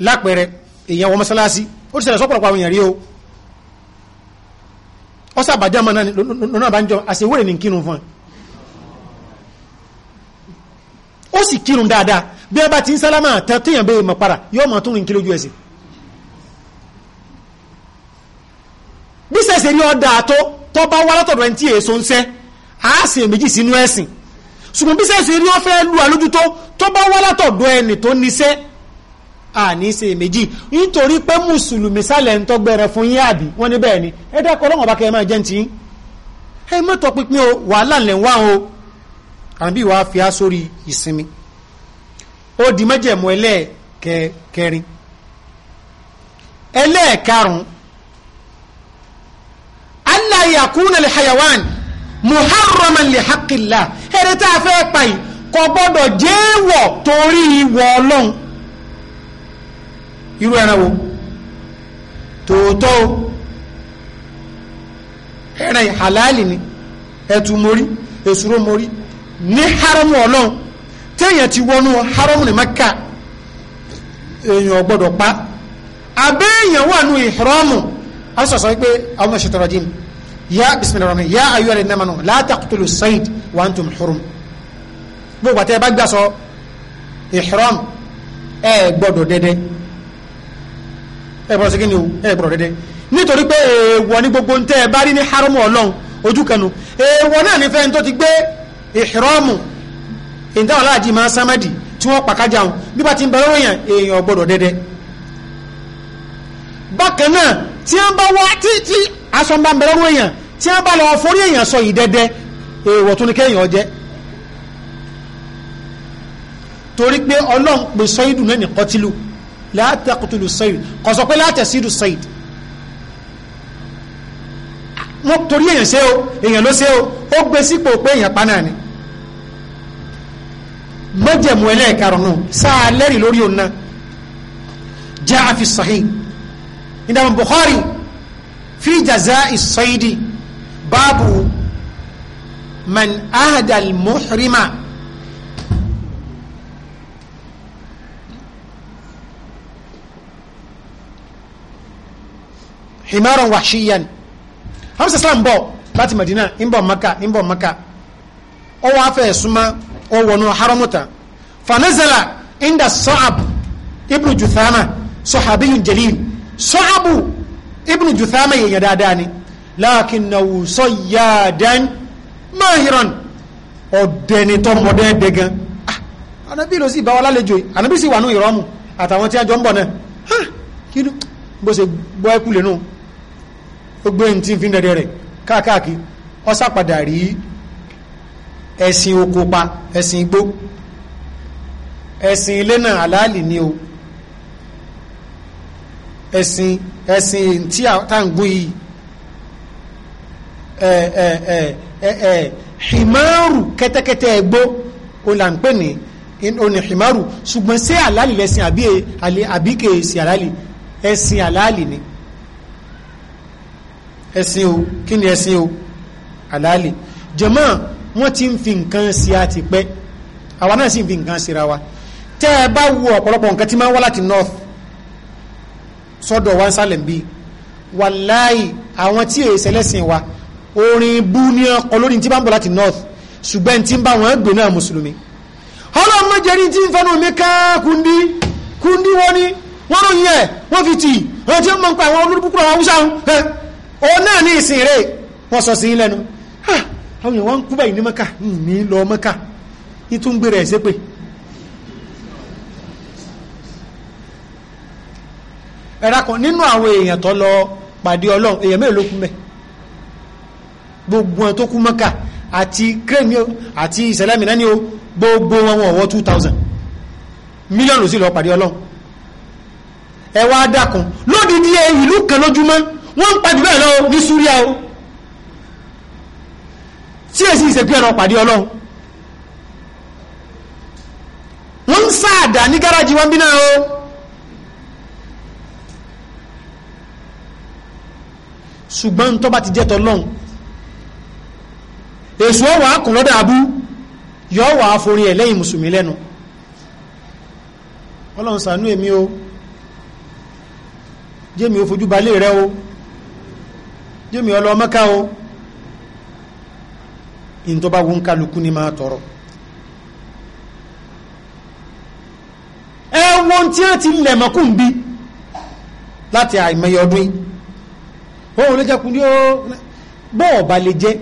lápẹẹrẹ èèyàn wọ mọ́sálásí ó ti ṣẹlẹ̀ sọ́pọ̀lọpọ̀ àwọn èèyàn rí o ọ sàbàjá mọ́ náà lọ́nà bá ń jọ àṣewèrè ní kírun fún ẹ ó sì kírun dáadáa bí ẹ bá ti ń sálámà tán téèyàn bẹ́ẹ̀ mọ̀ para yóò mọ̀ tún rìn kí lójú ẹsẹ̀ bí sẹ̀sẹ̀ ní ọ̀dà tó tó bá wá látọ̀dọ̀ ẹni tí èso ń sẹ́ á sì èméjì sínú ẹ̀sìn ṣùgbọ́n bí sẹ́ẹ̀sì rí wọ́n fẹ́ lu àlójú tó tó bá wá látọ̀dọ̀ ẹni tó níṣẹ́ àní ṣe èméjì nítorí pé mùsùlùmí sálẹ̀ ń tọ́gbẹ̀rẹ̀ fún yín àbí wọ́n ní bẹ́ẹ̀ ni ẹ dákọ̀ ọlọ́wọ́n bá kẹ́ ẹ máa jẹ́ ti ẹ mọ́tọ̀ pínpín o wàhálà lẹ̀ ń wá o àbí wàá fi á sórí ìsinmi ó di mẹ́jẹ̀mú ẹlẹ́ẹ̀kẹrin ẹlẹ́ẹ̀karùn-ún yakuna li hayawan muharraman li haqqillah eré tá a fẹ́ pa yìí kò gbọ́dọ̀ jẹ́wọ̀ torí ìwọ ọlọ́run irú ẹran wo tòótọ́ ẹran halali ni ẹtù mórí èsúró mórí ní haramu ọlọ́run téèyàn ti wọnú haramu ní maka èèyàn gbọ́dọ̀ pa abẹ́ẹ̀yàn wà nù ìhramu a sọ̀sọ̀ wípé àwọn ṣètọ̀rọ̀ jíìmù ya bisimilahi rahman ya ayu ale namanu la taqtulu sayid wa antum hurum gbogbo àti ẹbá gbàsọ ihram ẹ gbọ́dọ̀ dẹdẹ ẹ gbọ́dọ̀ segin ni o ẹ gbọ́dọ̀ dẹdẹ nítorí pé èèwọ̀ ní gbogbo ntẹ ẹ bá rí ní haramu Ọlọ́run ojú kanu èèwọ̀ náà nífẹ̀ẹ́ tó ti gbé ihramu ìntàn aláàjì máa sámádì tí wọ́n pàkájà wọn bí bá ti ń bẹ̀rẹ̀ òyìn èèyàn gbọ́dọ̀ bákan náà tí wọ́n bá wá tí tí aṣọ bá ń bẹ̀rẹ̀ ọ̀rọ̀ èèyàn tí wọ́n bá lọ forí èèyàn sọ yìí dẹ́dẹ́ èèwọ̀ tó ní kéèyàn jẹ́ torí pé ọlọ́run pè sọ́yìdù náà ní kọtílù látàkùtùlù sọ́yìdù kò sọ pé látàsídù sọ́yìdù wọ́n torí èèyàn ṣe o èèyàn ló ṣe o ó gbé sípò pé èèyàn pa náà ni mọ́jẹ̀mú ẹlẹ́ẹ̀karùn-ún sáà lẹ́rìí lórí òun náà jẹ́ àfi sahih ndama bukhari fi jazai saidi babu man ahda almuhrima himaran wahshiyan hamsa salam bọ̀ láti madina ń bọ̀ maka ń bọ̀ maka ó wá fẹ́ súnmọ́ ó wọnú haramuta fanazala inda sa'ab ibnu juthama sahabiyun jalil sọ́ọ́bù ibnu juthama yẹ̀yẹ̀ dáadáa ni láàkínnáwó sọ́yàdán mahiran ọ̀dẹni tọmọdé dẹgan anabi ah, ló sì bá wa lálejò yìí anabi sì wà ní ìrọ́mù àtàwọn tí a jọ ń bọ̀ náà kí ló bó ṣe gbọ́ ẹkú lẹ́nu ó gbé ní tí ń fi dẹ̀dẹ̀ rẹ̀ káàkiri ó sàpadà rí ẹ̀sìn oko ẹ̀sìn igbó ẹ̀sìn ilé náà àlàálì ni o ẹ̀sìn ẹ̀sìn tí a ń gún yìí ẹ ẹ ẹ ẹ himaru kẹ́tẹ́kẹ́tẹ́ ẹgbó olànpẹ ní oní himaru ṣùgbọ́n ṣé àlálì lẹ́sìn àbí àbí kèèsì àlálì ẹ̀sìn àlálì ni ẹ̀sìn o kí ni ẹ̀sìn o àlálì jàmá wọ́n ti ń fi nǹkan sí a ti pẹ́ àwa náà sì ń fi nǹkan síra wa tẹ́ ẹ bá wo ọ̀pọ̀lọpọ̀ nǹkan tí máa ń wá láti north sọ́dọ̀ wa ń sálẹ̀ bí wàláì àwọn tí èyí sẹlẹ́sìn wa orin bú ní ọkọ̀ lórí tí bá ń bọ̀ láti north ṣùgbọ́n tí ń bá wọn gbé náà mùsùlùmí ọlọ́run mọ́jẹ̀rí tí ń fẹ́nu mi ká kundi kundi wọn ni wọ́n ló yẹ wọ́n fi tì wọ́n ti mọ̀ nípa àwọn olórúkú àwọn haúsá ọ náà ní ìsìn rẹ̀ wọ́n sọ sí lẹ́nu ah, àwọn èèyàn wọn kú báyìí ní mẹ́ka ní lọ mẹ́ka ní tún gbé rẹ̀ ṣépè ẹ̀rá kan nínú àwọn èèyàn tó lọ pàdé ọlọ́run èèyàn mẹ́rin ló kú mẹ́ gbogbo wọn tó kú mọ́kà àti kírèmí o àti ìṣẹ̀lẹ̀ mìíràn ni o gbogbo wọn wọn ọwọ́ two thousand mílíọ̀nù sí lọ pàdé ọlọ́run ẹ wá dákun lódìdí ìlú kan lójúmọ́ wọ́n ń pàdé bẹ́ẹ̀ lọ ní súríà o tí èsì ìsèpí ẹ̀rọ pàdé ọlọ́run wọ́n ń sáàdà ní gáràjì wọn bí náà o. ṣùgbọ́n tó bá ti jẹ́ tọ́lọ́n èso ọwọ́ akùnlọ́dà abú yọ wà á forí ẹ̀ lẹ́yìn mùsùlùmí lẹ́nu ọlọ́run ṣàánú èmi o jẹ́mi ò fojú balẹ̀ rẹ o jẹ́mi ọlọ́mọ́ká o in tó bá wọn kálukú ni máa tọrọ ẹ wọn tí a ti lẹ̀mọ́kùn bí láti àìmọye yìí òun ló jẹ́kun ní ó bọ́ọ̀ bá lè jẹ́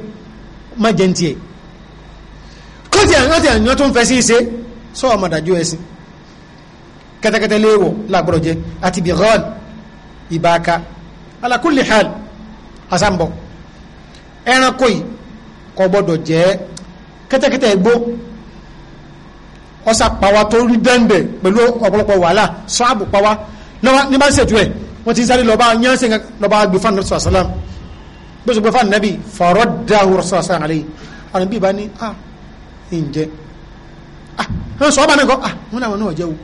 má jẹ́ ní tiẹ̀ kó ti àwọn ti àyàn tó ń fẹ́ sí ṣe sọ ọmọ dájú ẹ̀sìn kẹ́tẹ́kẹ́tẹ́ léèwọ̀ lágbọ́dọ̀ jẹ́ àti bí rọ́ọ̀lù ìbáka ala kulli hal asambo ẹranko yìí kò gbọ́dọ̀ jẹ́ kẹ́tẹ́kẹ́tẹ́ igbó ọ̀sà pàwa tó rí dẹ́ndẹ̀ pẹ̀lú ọ̀pọ̀lọpọ̀ wàhálà sọ́àbù pàwa ní ẹ̀ wọ́n ti sáré lọ́ba yánṣẹ́ lọ́ba gbé fún anabi sallallahu alayhi wa sallam bó ṣe gbé fún anabi fọ̀rọ̀ dáhùn rasulullah sallallahu alayhi anabi bá ní ah ǹjẹ́ ah ẹ̀ sọ ọ́ bá mi kọ́ ah wọn làwọn náà jẹ́ o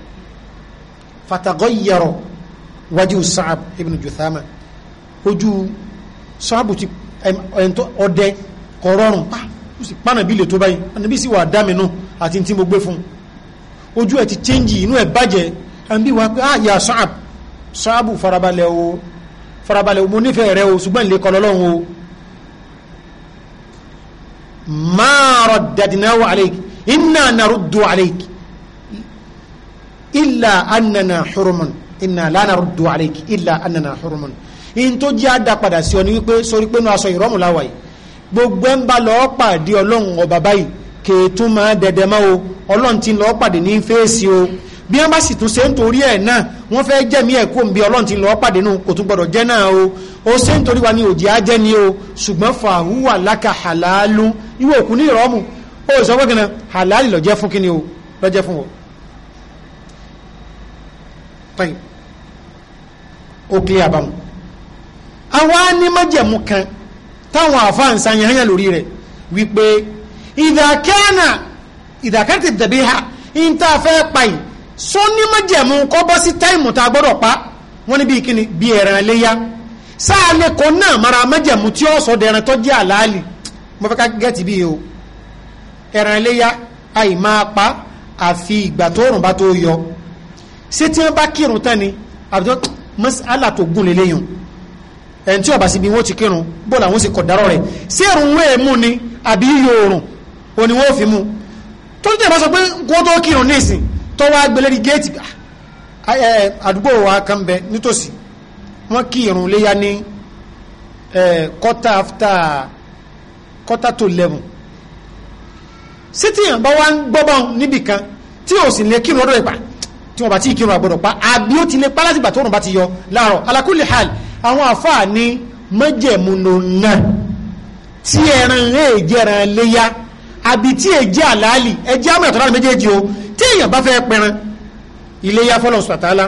fatagọ́yẹrọ wájú Sa'ab ibn Juthama ojú Sa'ab ti ọdẹ kọrọrùn pa ah, ó sì pànà bí lè tó báyìí ànàbí sì wà dáminú àti tí mo gbé fún ojú ẹ ti chẹ́ǹjì inú ẹ bàjẹ́ ànàbí wà pé ah ya Sa'ab ṣáàbù farabalẹ̀ o farabalẹ̀ o mo nífẹ̀ẹ́ rẹ o ṣùgbọ́n ìlé kọlọ́lọ́hún o máa rọ̀ dàdínáwó àlèk iná nàrúdù àlèk ilà ànànà hurumun iná lánàrúdù àlèk ilà ànànà hurumun in tó jẹ́ àdá padà sí ọ ní wípé sórí pé nu aṣọ ìrọ́mù láwàyè gbogbo ẹ̀ ń bá lọ́ọ́ pàdé ọlọ́run ọba báyìí kèétún máa dẹ̀dẹ̀ máa o ọlọ́run ti lọ́ọ́ pàdé ní fèèsì o bí wọ́n bá sì tún ṣe ń torí ẹ̀ náà wọ́n fẹ́ jẹ́mi ẹ̀ kó nbí ọlọ́run ti lọ́ọ́ pàdé nù kò tún gbọ́dọ̀ jẹ́ náà o ó ṣe ń torí wa ni òjì á jẹ́ ni o ṣùgbọ́n fàáhùwà láka hàlálù ìwé òkú ní ìrọ́mù ó sọ pé kìnnà hàlálì lọ́jẹ́ fún kíni o lọ́jẹ́ fún wọn. tayib ó kílẹ̀ àbámu àwọn anímọ̀jẹ̀mú kan táwọn àfáànsá yẹn hányà lórí rẹ̀ wípé ìdàkẹ́nà ìdàkẹ́nà ti dàbí ha ń pa yìí so ní májẹ̀mú kọ́ bọ́ sí táìmù tá a gbọ́dọ̀ pa wọ́n ní bí kíni bí ẹ̀ràn léyà sáà lè náà mara májẹ̀mú tí ó sọ dẹ̀ràn tó jẹ́ àlàálì mo fẹ́ ká gẹ́ẹ̀tì bí o ẹ̀ràn léyà àì máa pa àfi ìgbà tó rùn bá tó yọ ṣé tí wọ́n bá kírun tán ni àbújọ́ mọ́sálà tó gùn lélẹ́yìn ẹni tí ọba sí bí ti kírun bó làwọn sì kọ̀dárọ̀ rẹ̀ sí ẹ̀rùn wẹ́ẹ̀ mú ni àbí yóò rùn òní wọ́n fi mú tó ń tẹ̀ bá sọ pé kó tó kírun ní tọ́wọ́ agbélérí géètì ah, àdúgbò wa kan bẹ nítòsí wọ́n kí irun léyà ní quarter after quarter to eleven sítìyàn bá wá ń gbọ́bọ̀n níbìkan tí ò sì lè kírun ọdún ìgbà tí wọ́n bá ti kírun àgbọ̀dọ̀ pa àbí ó ti lè pa láti ìgbà tó rùn bá ti yọ láàárọ̀ alákùlẹ̀ hàl àwọn àfáà ní mọ́jẹ̀múnú náà tí ẹran èèjẹran léyà àbí tí èèjẹ àlàálì ẹjẹ àmọ̀ ìtọ́lá méjèèjì o tí èèyàn bá fẹ́ pẹran iléyà fọlọ́ sọ̀tàlá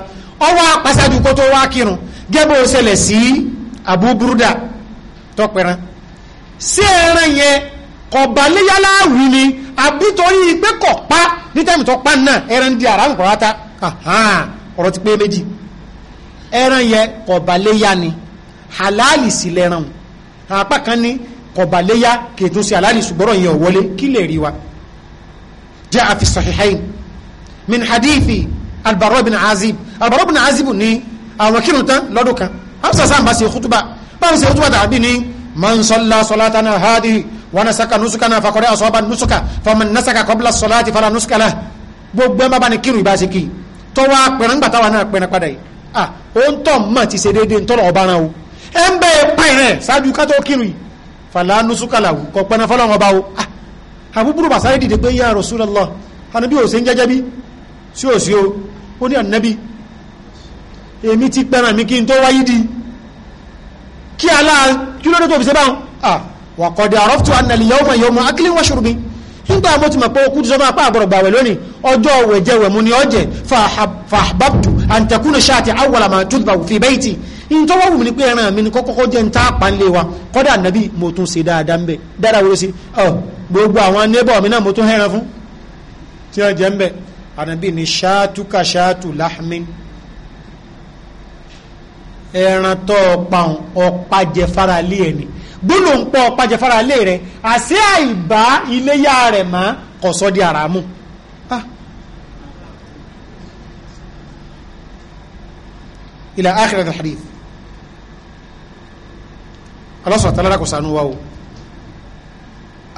ọwọ́ apàṣájú kó tó wá kírun gẹ́gbẹ́ ó ṣẹlẹ̀ sí Abu Burda tó pẹran sí ẹran yẹn kọ̀ọ̀bà léyà láàwì ni àbí torí pé kọ̀ pa ní tẹ́mi tó pa náà ẹran di àrà nǹkan rátá ọ̀rọ̀ ti pé méjì ẹran yẹn kọ̀ọ̀bà ni halali sì lẹ́ran apá kan ní kọ̀ọ̀bà léyà kètò sí halali ṣùgbọ́n ìyẹn ò wọlé kí lè rí wa jẹ́ àfisọ̀hìhẹ́yìn min hadithi albaro bin azib albaro bin azib ní àwọn kírun tán lọ́dún kan hamsa sáà bá ṣe kútúbà báwo ṣe kútúbà tàbí ní man salla salatana hadihi wa nasaka nusukana fakore asoba nusuka faman nasaka qabla salati fala nusuka la gbogbo ẹ̀ má bá ní kírun ìbá ṣe kí tọ́wọ́ apẹ̀rẹ̀ ńgbà táwa náà pẹ̀rẹ̀ padà yìí ah o ń tọ̀ mọ̀ ti ṣe déédéé ntọ́lọ̀ ọba ara o ẹ ń bẹ́ẹ̀ pa ìrẹ̀ ṣáájú ká tó kírun yìí fàlánú súkàlàwù kọ pẹ́ná fọlọ́run ọba o ah àbúrò bàṣáré dìde pé ya Rasulullah àná bí òsè ń jẹ́jẹ́ bí sí ò sí o ó ní ànábì èmi ti pẹ́ràn mi kí n tó wáyé di kí aláà kí lóde tó fi ṣe à wà kọ̀dé àrọ́fùtù ànàlì yawma mọ̀ yawma akílẹ̀ wọ́n ṣòro mi nígbà mo ti mọ̀ pé okú ti sọ apá àgbọ̀rọ̀ gbàwẹ̀ lónìí ọjọ́ wẹ̀jẹ̀wẹ̀ mu ni ọjẹ́ fàhàbàbtù àǹtẹ̀kùnú ṣáàtì àwọ̀là máa tún bá fi bẹ́ẹ̀tì ìtọ́wọ́ wù mí ni pé ẹran mi ni kọ́kọ́ jẹ́ ń tá a pa ń lé wa kọ́dà nàbí mo tún ṣe dáadáa ń bẹ̀ dáadáa wo ló ṣe gbogbo àwọn neighbor mi náà mo tún hẹ́ran fún tí wọ́n jẹ́ ń bẹ̀ ànábì ní ṣáàtúkà ṣáàtù láhmin ẹran tó ọpa ọpa jẹ fara lé ẹni gbólò ń pọ ọpa jẹ fara lé rẹ àṣé àìbá iléyà rẹ mọ kò sọ di àràmù. ilà áàkìrẹ tàhàdì alọ́sọ̀rọ̀ tàlára kò sànú wa o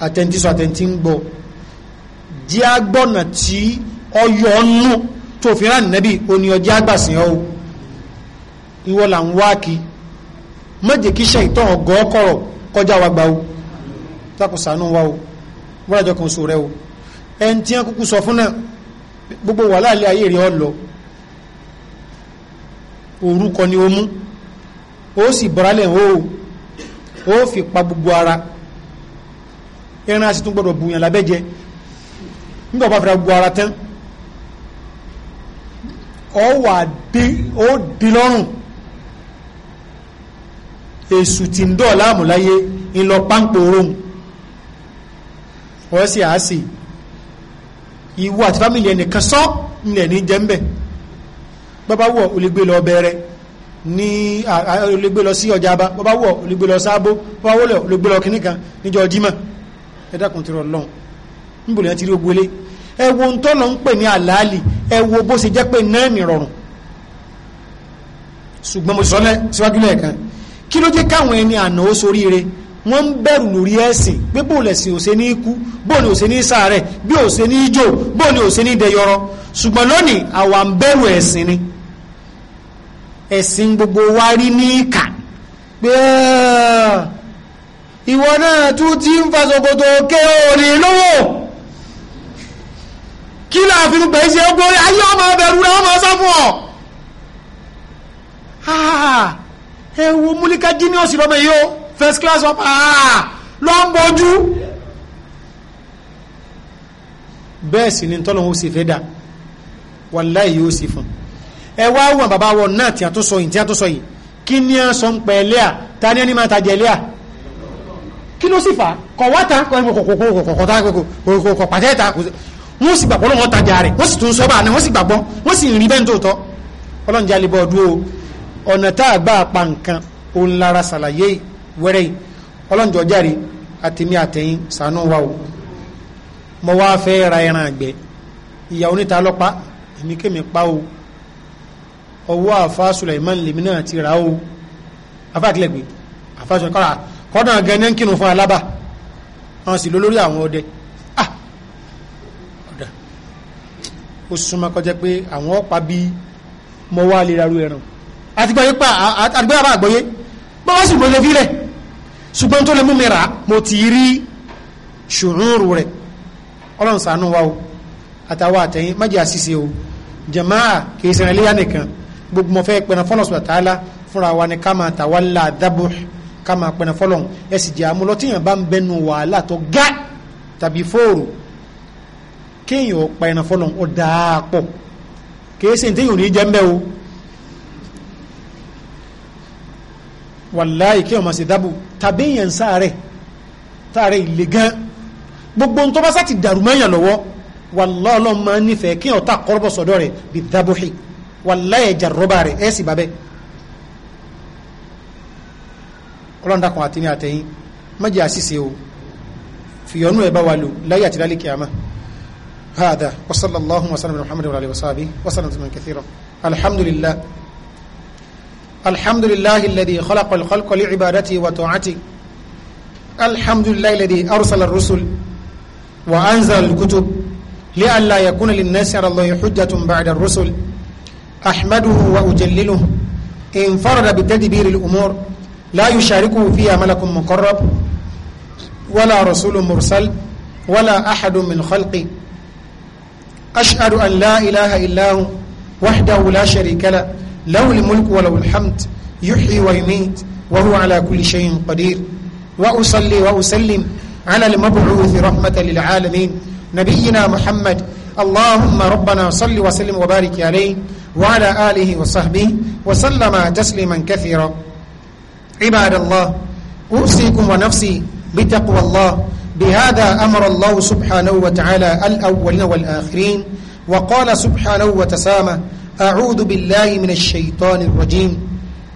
àtẹ̀ntí sọ àtẹ̀ntí ń gbọ́ jí tí. ọ ọ̀nù tó fi rán nẹ́bí oní ọjọ́ àgbàsìn ọ́ ìwọ là ń wá kí mọ́jẹ̀ kí kọjá wa gbà o takùsànú wa o kan sọ rẹ o ẹn tí wọ́n kúkú sọ fún náà gbogbo wà láàlẹ́ ayé ọ lọ o mú sì o fi pa gbogbo ara ẹran bá fi ra gbogbo ara tán ọ wà dé ó di lọ́rùn èṣù tí ń dọ̀ láàmú láyé ń lọ páńpó rohùn wọ́n sì á sì ìwọ àti fámìlì ẹnìkan sọ ilẹ̀ ní jẹ́ńbẹ̀ bàbá wọ̀ ó lè gbé lọ bẹ̀rẹ̀ ní ó lè gbé lọ sí ọjà bá bàbá wọ̀ ó lè gbé lọ sábó bàbá wọ̀ lọ kìnnìkan níjọ́ jímọ̀ ẹ dákun ti rọ lọ́hùn níbo lẹ́yìn ti rí ogun ilé ẹ wo ń pè ní àlàálì ẹ wo bó ṣe jẹ́ pé náà nìrọ̀rùn ṣùgbọ́n mo sọ́lẹ̀ síwájú lẹ́ẹ̀kan kí ló jẹ́ káwọn ẹni àná ó soríire wọ́n ń bẹ̀rù lórí ẹ̀sìn pé bóò lẹ̀sìn òṣè ní ikú bóò ni òṣè ní sàárẹ̀ bí òṣè ní ijó bóò ni òṣè ní dẹyọrọ ṣùgbọ́n lónìí àwa ń bẹ̀rù ẹ̀sìn ni ẹ̀sìn gbogbo wa rí ní ìkà pé ìwọ náà tún ti ń fa ṣòkòtò òkè òrì lówó kí là fi gbẹ̀ ṣe ó gbórí ayé ọmọ ọbẹ̀rù rẹ̀ ọmọ sọ fún ọ. ẹ wo múlíkà genius lọ́mọ yìí o first class ọ̀pá lọ́ ń bọ́jú. bẹ́ẹ̀ sì ni tọ́lọ́ ó sì fẹ́ dà wàláì yóò sì fún ẹ wá wọn bàbá wọn náà tí a tó sọ yìí tí a tó sọ yìí kí ni a sọ ń pẹ́ ẹlẹ́à ta ni ẹni máa tajà ẹlẹ́à kí ló sì fà kọ̀ wá ta kọ̀ pàtẹ́ ta wọ́n sì gbàgbọ́ lọ́wọ́ tajà rẹ̀ wọ́n sì tún sọ́bà náà wọ́n sì gbàgbọ́ wọ́n sì rí bẹ́ẹ̀ tóòtọ́ ọlọ́run jẹ́ alẹ́bọ̀ ọdún o ọ̀nà tá a gbà pa nǹkan òun lára ṣàlàyé wẹ́rẹ́ yìí ọlọ́run jọ járe àtẹ̀mí àtẹ̀yìn sànú wa o mo wá fẹ́ ra ẹran àgbẹ̀ ìyá oníta lọ́pa èmi kémi pa o ọwọ́ àfa Sulaiman lèmi náà ti rà o afa àtìlẹ́gbẹ̀ẹ́ àfa Sulaiman kọ́dà gẹ́gẹ́ ní kírun fún alábà ó súnmọ́ kọjá pé àwọn ọ̀pá bí mọ́ wá lè rarú ẹran àti gbọ́yé pa àgbẹ́ àbá àgbọ́yé bọ́ wá sì gbọ́yé fílẹ̀ ṣùgbọ́n tó lè mú mi rà mo ti rí ṣùrùrù rẹ̀ ọlọ́run ṣàánú wa o àtàwọn àtẹ̀yìn má jẹ́ àṣìṣe o jàmáà kìí sẹ́rẹ̀ léyà nìkan gbogbo mọ̀ fẹ́ pẹ̀nà fọ́lọ̀ sọ̀rọ̀ tààlà fúnra wa ni ká máa tàwa là dábò ká máa pẹ̀nà fọ́lọ̀ ẹ jẹ́ àmúlọ́tíyàn bá ń bẹnu wàhálà tó gá tàbí fóòrò kéèyàn ó pa ẹran fọlọ́n ó dáa pọ̀ kìí sì téèyàn ò ní jẹ́ mbẹ́ o wàláì kéèyàn máa ṣe dábò tàbí èèyàn ń sáré táàrẹ ilé gan gbogbo ntọ́ bá sá ti dàrú mọ́yàn lọ́wọ́ wàláì máa ń nífẹ̀ẹ́ kéèyàn ta kọ́rọ́bọ̀ sọ̀dọ̀ rẹ̀ bí dábòhì wàláì ẹ̀jà rọ́bà rẹ̀ ẹ̀ sì bàbẹ́ ọlọ́run dàkùn àti ní àtẹ̀yìn má jẹ́ àṣìṣe o fìyọ́nù ẹ̀ bá wa lò láyé àti lálẹ́ kìámà. هذا وصلى الله وسلم على محمد وعلى اله وصحبه وسلم تسليما كثيرا الحمد لله الحمد لله الذي خلق الخلق لعبادته وطاعته الحمد لله الذي ارسل الرسل وانزل الكتب لئلا يكون للناس على الله حجة بعد الرسل احمده واجلله انفرد بتدبير الامور لا يشاركه فيها ملك مقرب ولا رسول مرسل ولا احد من خلقه أشهد أن لا إله إلا هو وحده لا شريك له له الملك وله الحمد يحيي ويميت وهو على كل شيء قدير وأصلي وأسلم على المبعوث رحمة للعالمين نبينا محمد اللهم ربنا صل وسلم وبارك عليه وعلى آله وصحبه وسلم تسليما كثيرا عباد الله أوصيكم ونفسي بتقوى الله بهذا أمر الله سبحانه وتعالى الأولين والآخرين وقال سبحانه وتسامى أعوذ بالله من الشيطان الرجيم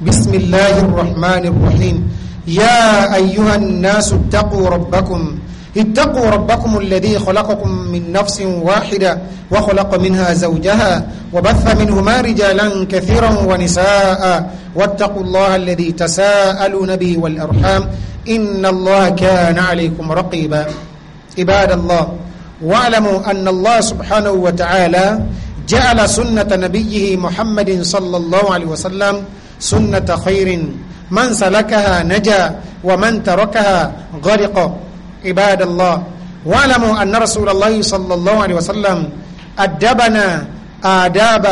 بسم الله الرحمن الرحيم يا أيها الناس اتقوا ربكم اتقوا ربكم الذي خلقكم من نفس واحدة وخلق منها زوجها وبث منهما رجالا كثيرا ونساء واتقوا الله الذي تساءلون به والأرحام إن الله كان عليكم رقيبا عباد الله واعلموا أن الله سبحانه وتعالى جعل سنة نبيه محمد صلى الله عليه وسلم سنة خير من سلكها نجا ومن تركها غرق عباد الله واعلموا أن رسول الله صلى الله عليه وسلم أدبنا آداب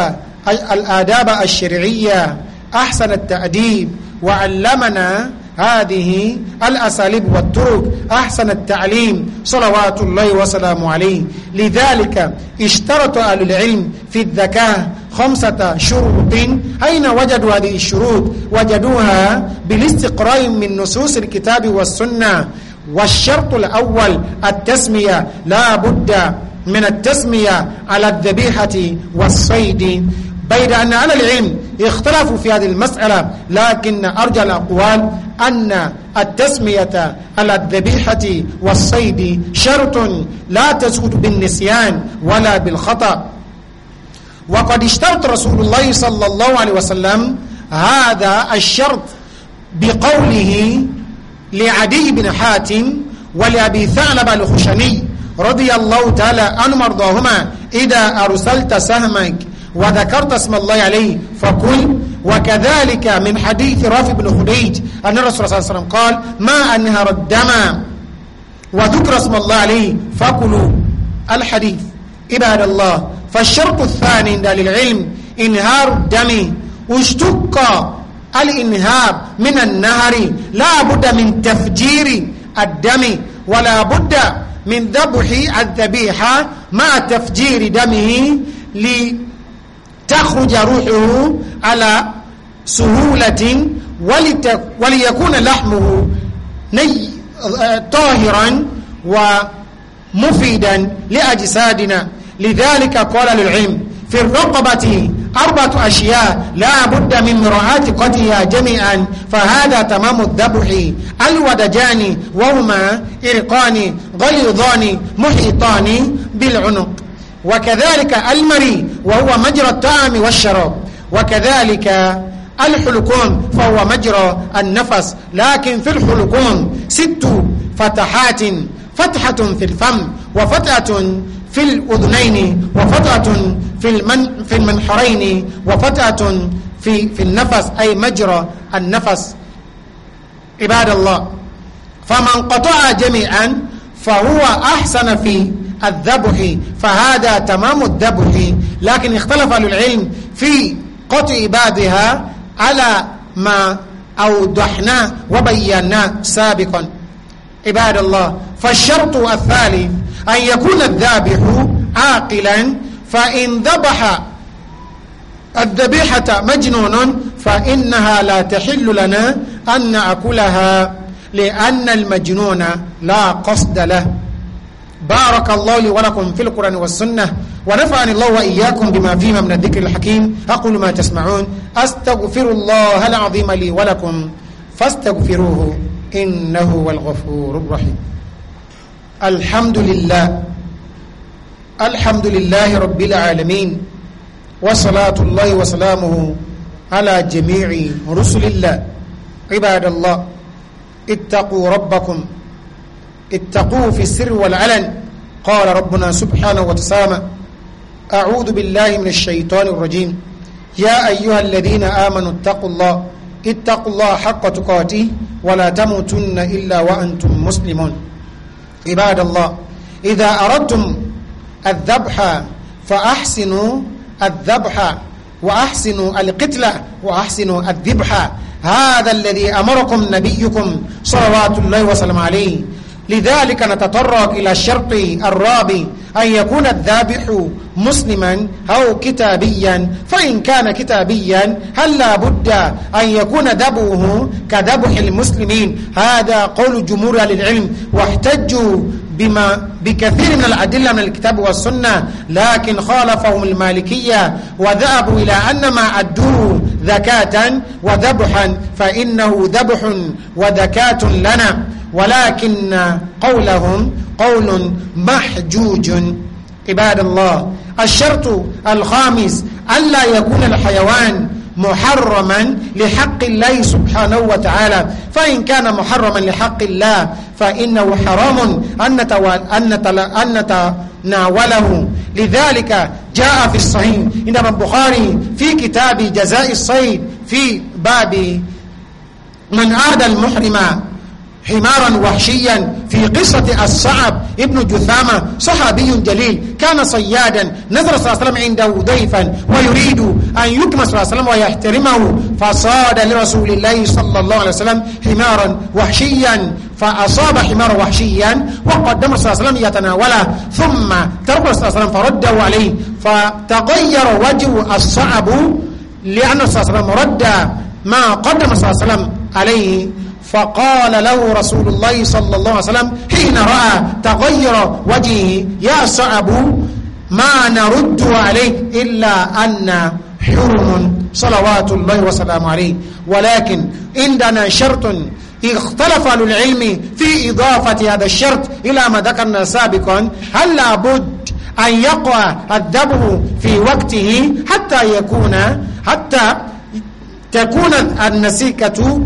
الآداب الشرعية أحسن التأديب وعلمنا هذه الأساليب والطرق أحسن التعليم صلوات الله وسلامه عليه لذلك اشترط أهل العلم في الذكاء خمسة شروط أين وجدوا هذه الشروط وجدوها بالاستقراء من نصوص الكتاب والسنة والشرط الأول التسمية لا بد من التسمية على الذبيحة والصيد بيد أن أهل العلم اختلفوا في هذه المسألة لكن أرجى الأقوال أن التسمية على الذبيحة والصيد شرط لا تزود بالنسيان ولا بالخطأ وقد اشترط رسول الله صلى الله عليه وسلم هذا الشرط بقوله لعدي بن حاتم ولأبي ثعلب الخشني رضي الله تعالى عن وارضاهما إذا أرسلت سهمك وذكرت اسم الله عليه فقل وكذلك من حديث رافع بن خديج أن الرسول صلى الله عليه وسلم قال ما أنهر الدم وذكر اسم الله عليه فقلوا الحديث عباد الله فالشرط الثاني عند العلم انهار الدم اشتق الانهار من النهر لا بد من تفجير الدم ولا بد من ذبح الذبيحة مع تفجير دمه تخرج روحه على سهولة وليكون لحمه ني آه، طاهرا ومفيدا لأجسادنا لذلك قال للعلم في الرقبة أربعة أشياء لا بد من مراعاة قتلها جميعا فهذا تمام الذبح الودجان وهما إرقان غليظان محيطان بالعنق وكذلك المري وهو مجرى الطعام والشراب وكذلك الحلقوم فهو مجرى النفس لكن في الحلقوم ست فتحات فتحة في الفم وفتحة في الأذنين وفتحة في, المن في المنحرين وفتحة في, في النفس أي مجرى النفس عباد الله فمن قطع جميعا فهو أحسن في الذبح فهذا تمام الذبح لكن اختلف أهل العلم في قطع بعدها على ما أوضحناه وبيناه سابقا عباد الله فالشرط الثالث أن يكون الذابح عاقلا فإن ذبح الذبيحة مجنون فإنها لا تحل لنا أن نأكلها لأن المجنون لا قصد له بارك الله لي ولكم في القرآن والسنة ونفعني الله وإياكم بما فيهما من الذكر الحكيم أقول ما تسمعون أستغفر الله العظيم لي ولكم فاستغفروه إنه هو الغفور الرحيم الحمد لله الحمد لله رب العالمين وصلاة الله وسلامه على جميع رسل الله عباد الله اتقوا ربكم اتقوه في السر والعلن قال ربنا سبحانه وتسامى أعوذ بالله من الشيطان الرجيم يا أيها الذين آمنوا اتقوا الله اتقوا الله حق تقاته ولا تموتن إلا وأنتم مسلمون عباد الله إذا أردتم الذبح فأحسنوا الذبح وأحسنوا القتلة وأحسنوا الذبح هذا الذي أمركم نبيكم صلوات الله وسلم عليه لذلك نتطرق إلى الشرط الرابع أن يكون الذابح مسلما أو كتابيا فإن كان كتابيا هل لا بد أن يكون ذبحه كذبح المسلمين هذا قول جمهور العلم واحتجوا بما بكثير من الأدلة من الكتاب والسنة لكن خالفهم المالكية وذهبوا إلى أن ما أدوه ذكاة وذبحا فإنه ذبح وذكاة لنا ولكن قولهم قول محجوج عباد الله الشرط الخامس ألا يكون الحيوان محرما لحق الله سبحانه وتعالى فإن كان محرما لحق الله فإنه حرام أن نتناوله لذلك جاء في الصحيح إنما البخاري في كتاب جزاء الصيد في باب من عاد المحرم حمارا وحشيا في قصة الصعب ابن جثامة صحابي جليل كان صيادا نزل صلى الله عليه وسلم عنده ضيفا ويريد أن يكمس صلى الله عليه وسلم ويحترمه فصاد لرسول الله صلى الله عليه وسلم حمارا وحشيا فأصاب حمارا وحشيا وقدم صلى الله عليه وسلم يتناوله ثم ترك صلى الله عليه وسلم فرده عليه فتغير وجه الصعب لأن صلى الله عليه وسلم رد ما قدم صلى الله عليه وسلم عليه فقال له رسول الله صلى الله عليه وسلم حين رأى تغير وجهه يا صعب ما نرد عليه إلا أن حرم صلوات الله وسلامه عليه ولكن عندنا شرط اختلف اهل العلم في إضافة هذا الشرط إلى ما ذكرنا سابقا هل لابد أن يقع الدبر في وقته حتى يكون حتى تكون النسيكة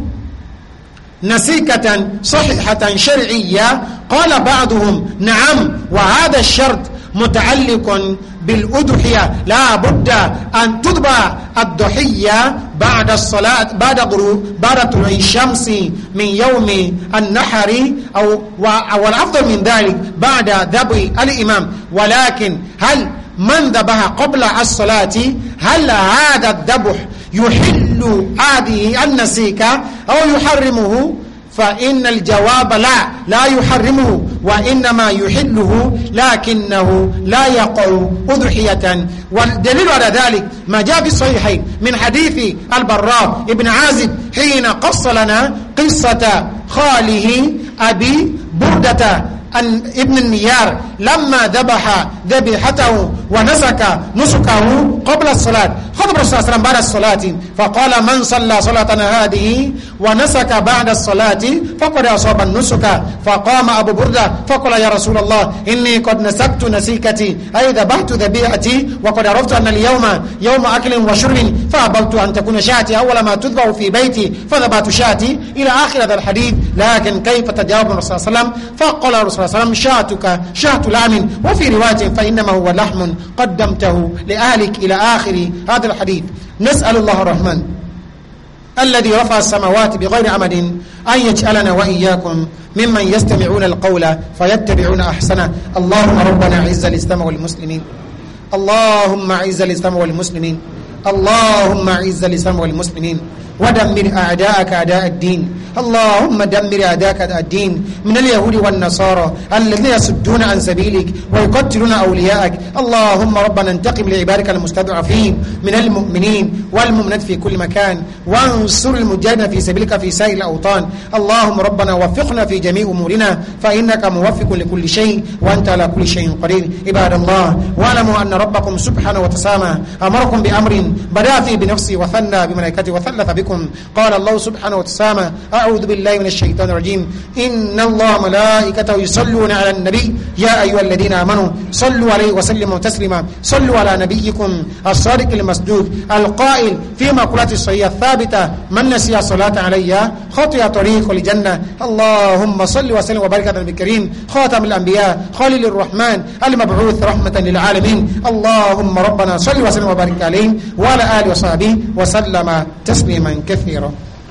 نسيكة صحيحة شرعية قال بعضهم نعم وهذا الشرط متعلق بالأضحية لا بد أن تتبع الضحية بعد الصلاة بعد غروب بعد طلوع الشمس من يوم النحر أو والأفضل من ذلك بعد ذبح الإمام ولكن هل من ذبح قبل الصلاة هل هذا الذبح يحل يحل هذه النسيكة أو يحرمه فإن الجواب لا لا يحرمه وإنما يحله لكنه لا يقع أضحية والدليل على ذلك ما جاء في الصحيحين من حديث البراء ابن عازب حين قص لنا قصة خاله أبي بردة ابن النيار لما ذبح ذبيحته ونسك نسكه قبل الصلاة خطب الرسول صلى الله عليه وسلم بعد الصلاة فقال من صلى صلاتنا هذه ونسك بعد الصلاة فقد أصاب النسك فقام أبو بردة فقال يا رسول الله إني قد نسكت نسيكتي أي ذبحت ذبيحتي وقد عرفت أن اليوم يوم أكل وشرب فأبلت أن تكون شاتي أول ما تذبح في بيتي فذبحت شاتي إلى آخر هذا الحديث لكن كيف تجاوب الرسول صلى الله عليه وسلم فقال الرسول صلى الله عليه وسلم شاتك شات لعم وفي رواية فإنما هو لحم قدمته لأهلك إلى آخر هذا الحديث نسأل الله الرحمن الذي رفع السماوات بغير عمد أن يجعلنا وإياكم ممن يستمعون القول فيتبعون أحسنه اللهم ربنا عز الإسلام والمسلمين اللهم عز الإسلام والمسلمين اللهم عز الإسلام والمسلمين ودمر أعداءك أعداء الدين اللهم دمر أعداءك أعداء الدين من اليهود والنصارى الذين يصدون عن سبيلك ويقتلون أولياءك اللهم ربنا انتقم لعبادك المستضعفين من المؤمنين والمؤمنات في كل مكان وانصر المجاهدين في سبيلك في سائر الأوطان اللهم ربنا وفقنا في جميع أمورنا فإنك موفق لكل شيء وأنت على كل شيء قدير عباد الله واعلموا أن ربكم سبحانه وتسامى أمركم بأمر بدأ فيه بنفسه وثنى بملائكته وثلث بكم بكم قال الله سبحانه وتعالى أعوذ بالله من الشيطان الرجيم إن الله ملائكته يصلون على النبي يا أيها الذين آمنوا صلوا عليه وسلموا تسليما صلوا على نبيكم الصادق المصدوق القائل في مقولات الصحية الثابتة من نسي الصلاة علي خطي طريق لجنة اللهم صل وسلم وبارك على النبي الكريم خاتم الأنبياء خليل الرحمن المبعوث رحمة للعالمين اللهم ربنا صل وسلم وبارك عليه وعلى آله وصحبه وسلم تسليما خيرا